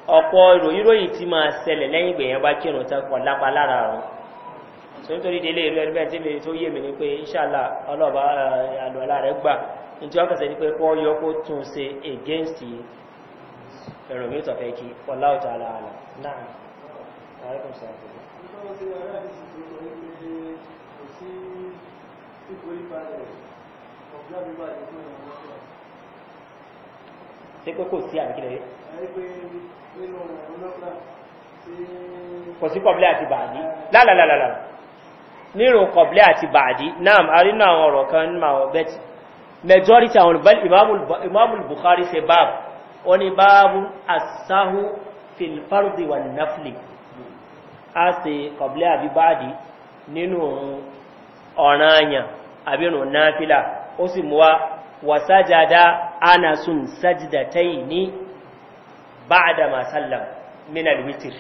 ọ̀pọ̀ ìròyìn ròyìn ti so nítorí délé ìlú ẹni tí mi tó yé mi ní pé ìṣàlá ọlọ́ọ̀bá eh, àlùwàlá rẹ̀ gbà ní tí wọ́n kẹsẹ̀ ní pé kọ́ yọ kó tún se against ẹ̀rọ mi tọ̀fẹ́ kí fọlá ọ̀tà ara àti nírun kọ̀blẹ́ àti bàdí náà arínú àwọn ọ̀rọ̀ kan nínú àwọn bẹ́tì majority àwọn imamul bukhari se báàbù wọ́n ni báàbù asáhù filfardi wà náfìlì a se kọ̀blẹ́ àbí bàdí nínú ọ̀ranyà àbínú náfìlà ó sì mú wa wàsájádá anasun sajidatai ní báàdà masallam minal witir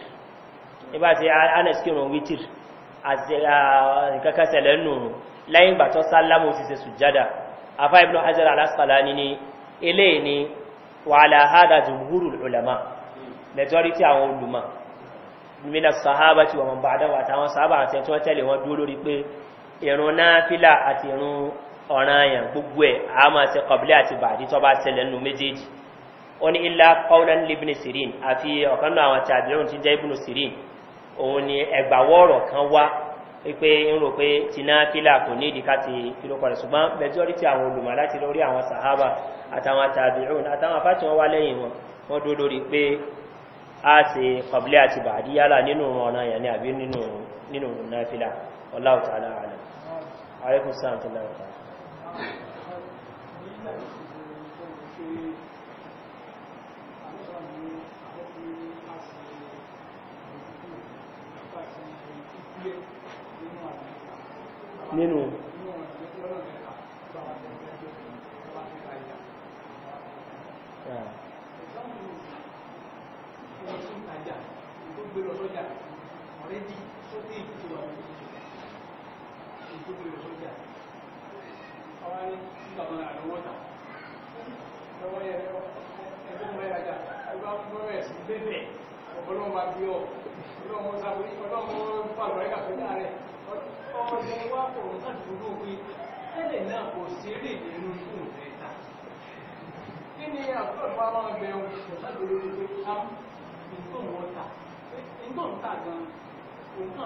ibá se anaskirun witir nǹkankan tẹ̀lẹ̀ nù lẹ́yìn ìgbà tó sálámù ti se sùjádà afá ibn hajjara alásàlání ni ilé ni wàhálà hádà jùmúrù ulama majority àwọn olùmọ̀ mina sahaba ti wọn bá dáwà táwọn sábà òun ni ẹgbàwọ́ọ̀rọ̀ kan wá wípé ń rò pé tiná fílà kò ní ìdíkà ti kílókọ rẹ̀ ṣùgbọ́n majority àwọn olùmọ̀ láti lórí àwọn sahaba àtàwọn àtàbíhùn àtàwọn afá tí wọ́n wá lẹ́yìn wọn wọ́n dó lórí pé a ti kọ̀bílẹ̀ àti bàdí yálà nínú ọ̀nà yẹn ni àbí nínú nínú náfílà menos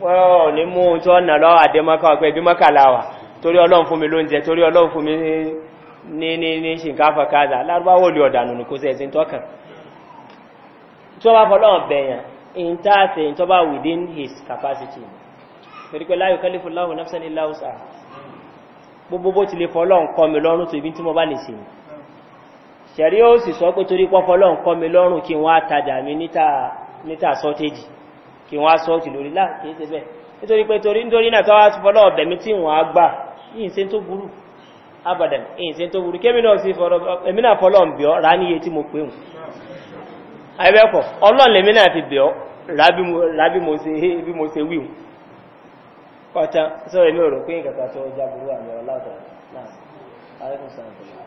wọ́n ní mú tó ọ̀nà lọ àdẹ́mọ́ká ọ̀pẹ́ ibi mọ́kàláwà torí ọlọ́run fún mi ló ń jẹ torí ọlọ́run fún mi ní ní ní ṣìnkáfà káàdà lárúbáwò lè ọ̀dànù ní kò sí ẹ̀sìn tọ́kàn tó bá fọlọ́run bẹ̀yàn in tààtẹ̀ in tó bá within his capacity torí pé láyò kálífù láwù náfsán ilá ọ̀sà gbogbo bó ti lè mo bá lè sìn ṣẹ̀rí ó sì sọ pé torí pọ́ fọlọ́run kọ́ mi kí wọ́n á sọ ọ́ kì lórí láà kìí ṣe bẹ́ẹ̀ nítorí pé torí nítorí náà káwá fọlọ́ ọ̀bẹ̀ mi tí wọ́n á gbà yìí ṣe tó burú abadan yìí ṣe tó burú kémi náà náà ń bíọ́ rà níye tí mo lèmi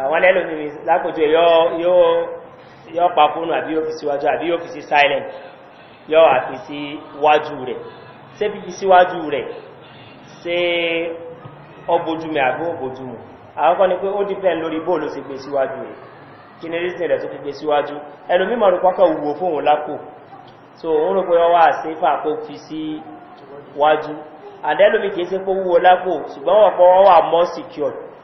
àwọn ah, lẹ́lòmí lápòjò yóò pa fóònù àbí yóò fi síwájú àbí yóò fi sí silent yóò wà fi síwájú rẹ̀ ṣé fífi síwájú rẹ̀ ṣé ọbojúmẹ̀ àbí ọbojúmù àkọ́kọ́ ni pé ó dìpẹ́ lórí bóòlù sí gbé síwájú rẹ̀ kí ni rísìn rẹ̀ tó fi gbé síwájú ẹlòmí mọ̀ rúpọ́kọ̀ wùwò fóònù lápò so òun rò pé ọwọ́ àṣífà kó fi síwájú àdẹ́lòmí kìí sí pé wúwo lápò ṣùgbọ́n wọ́n pọ́ wọ́n wà mọ́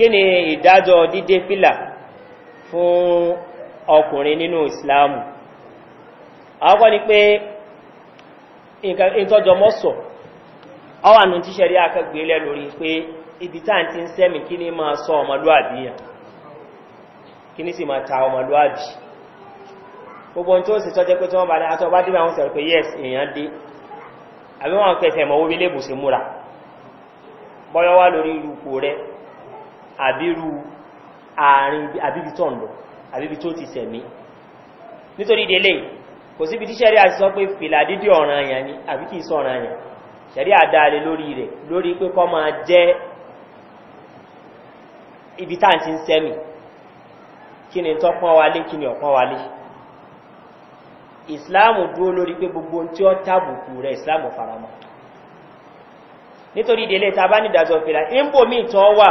kí ni ìdájọ́ dídé fìlà fún ọkùnrin nínú ìsìláàmù àwọn ni pé ìtọ́jọ mọ́sọ̀ ọwà nù tí sẹ́rí akẹgbẹ̀lẹ̀ lórí pé ibi táà ti ń sẹ́mì kí ní máa sọ ọmọlúwàbí yàn kí ní sì tọ́jẹ́ pé tí wọ́n bá ní bá àwọn pé yes èèyàn dé àbí wọ́n mọ̀ múra lórí irúkú àbírú àárín àbíbi tó àbíbi tó ti sẹ̀mí nítorí délé kò síbi tí sẹ́rí àti sọ pé fìlà dídí ọ̀ràn ni àbí kìí sọ ọ̀ràn àyàn sẹ́rí àdáàlé lórí rẹ̀ lórí pé kọ́ máa jẹ́ ibi tá ti ń sẹ́mì kí ni tọ́ lori wálé gbogbo tí ó tàbùkù rẹ̀ ìsìláàmù faramọ́ nítorí ìdílé ta bá nídàjọ́ fìlà ń bò míì tán wà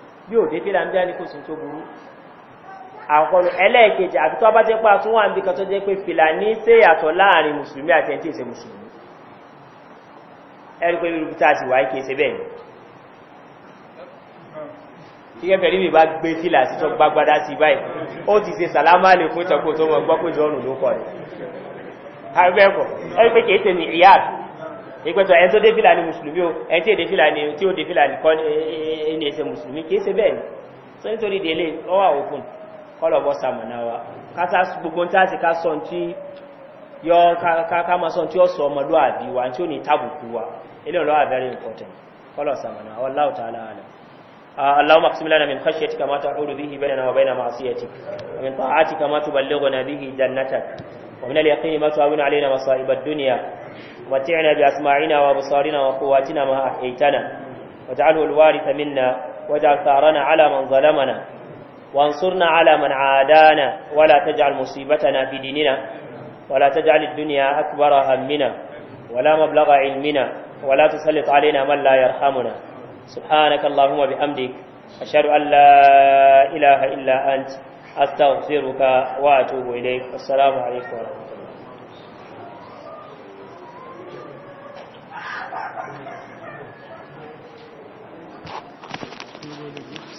bí òde fílà ń bí ní kò sí tó burú àkọlù ẹlẹ́ẹ̀kejì àti tó bá jẹ́ pé àtún wà níbi kan tó jẹ́ pé fìlà ní ṣe yàtọ̀ láàrin mùsùlùmí àti ẹni tí ìṣe mùsùlùmí ẹ̀rí pé irú tá a sì wáyé kìí ṣe bẹ́ẹ̀ ni tí kẹfẹ́ rí mi bá gbé fìlà sí tó gbágbádá sí báyìí ó ti ṣe sàlámà lè fún ìtọ́kùn tó mọ̀ gbọ́ pé ìjọ́nù ló kọ̀ ni àbẹ́ẹ̀kọ̀ ẹ̀rí ìpẹ́tọ̀ ẹ̀ tó dé fìlà ní mùsùlùmí o ẹ̀ tí èdè fìlà ní tí ó dé fìlà ní kọ́ ní ẹsẹ̀ mùsùlùmí kìí ṣe bẹ́ẹ̀ tó nítorí délé ọwà òkun kọlọ̀bọ̀ sàmọ̀nà wa gbogbo tí a sì ká اللهم اقسم لنا من خشيتك ما تحول به بيننا وبين معصيتك ومن طاعتك ما تبلغنا به جنتك ومن اليقين ما تعاون علينا مصائب الدنيا متعنا بأسماعنا وأبصارنا وقواتنا ما أحييتنا واجعله الوارث منا واجعل ثارنا على من ظلمنا وانصرنا على من عادانا ولا تجعل مصيبتنا في ديننا ولا تجعل الدنيا أكبر همنا ولا مبلغ علمنا ولا تسلط علينا من لا يرحمنا سبحانك اللهم بحمدك أشهد أن لا إله إلا أنت أستغفرك وأتوب إليك السلام عليكم ورحمة الله Thank you.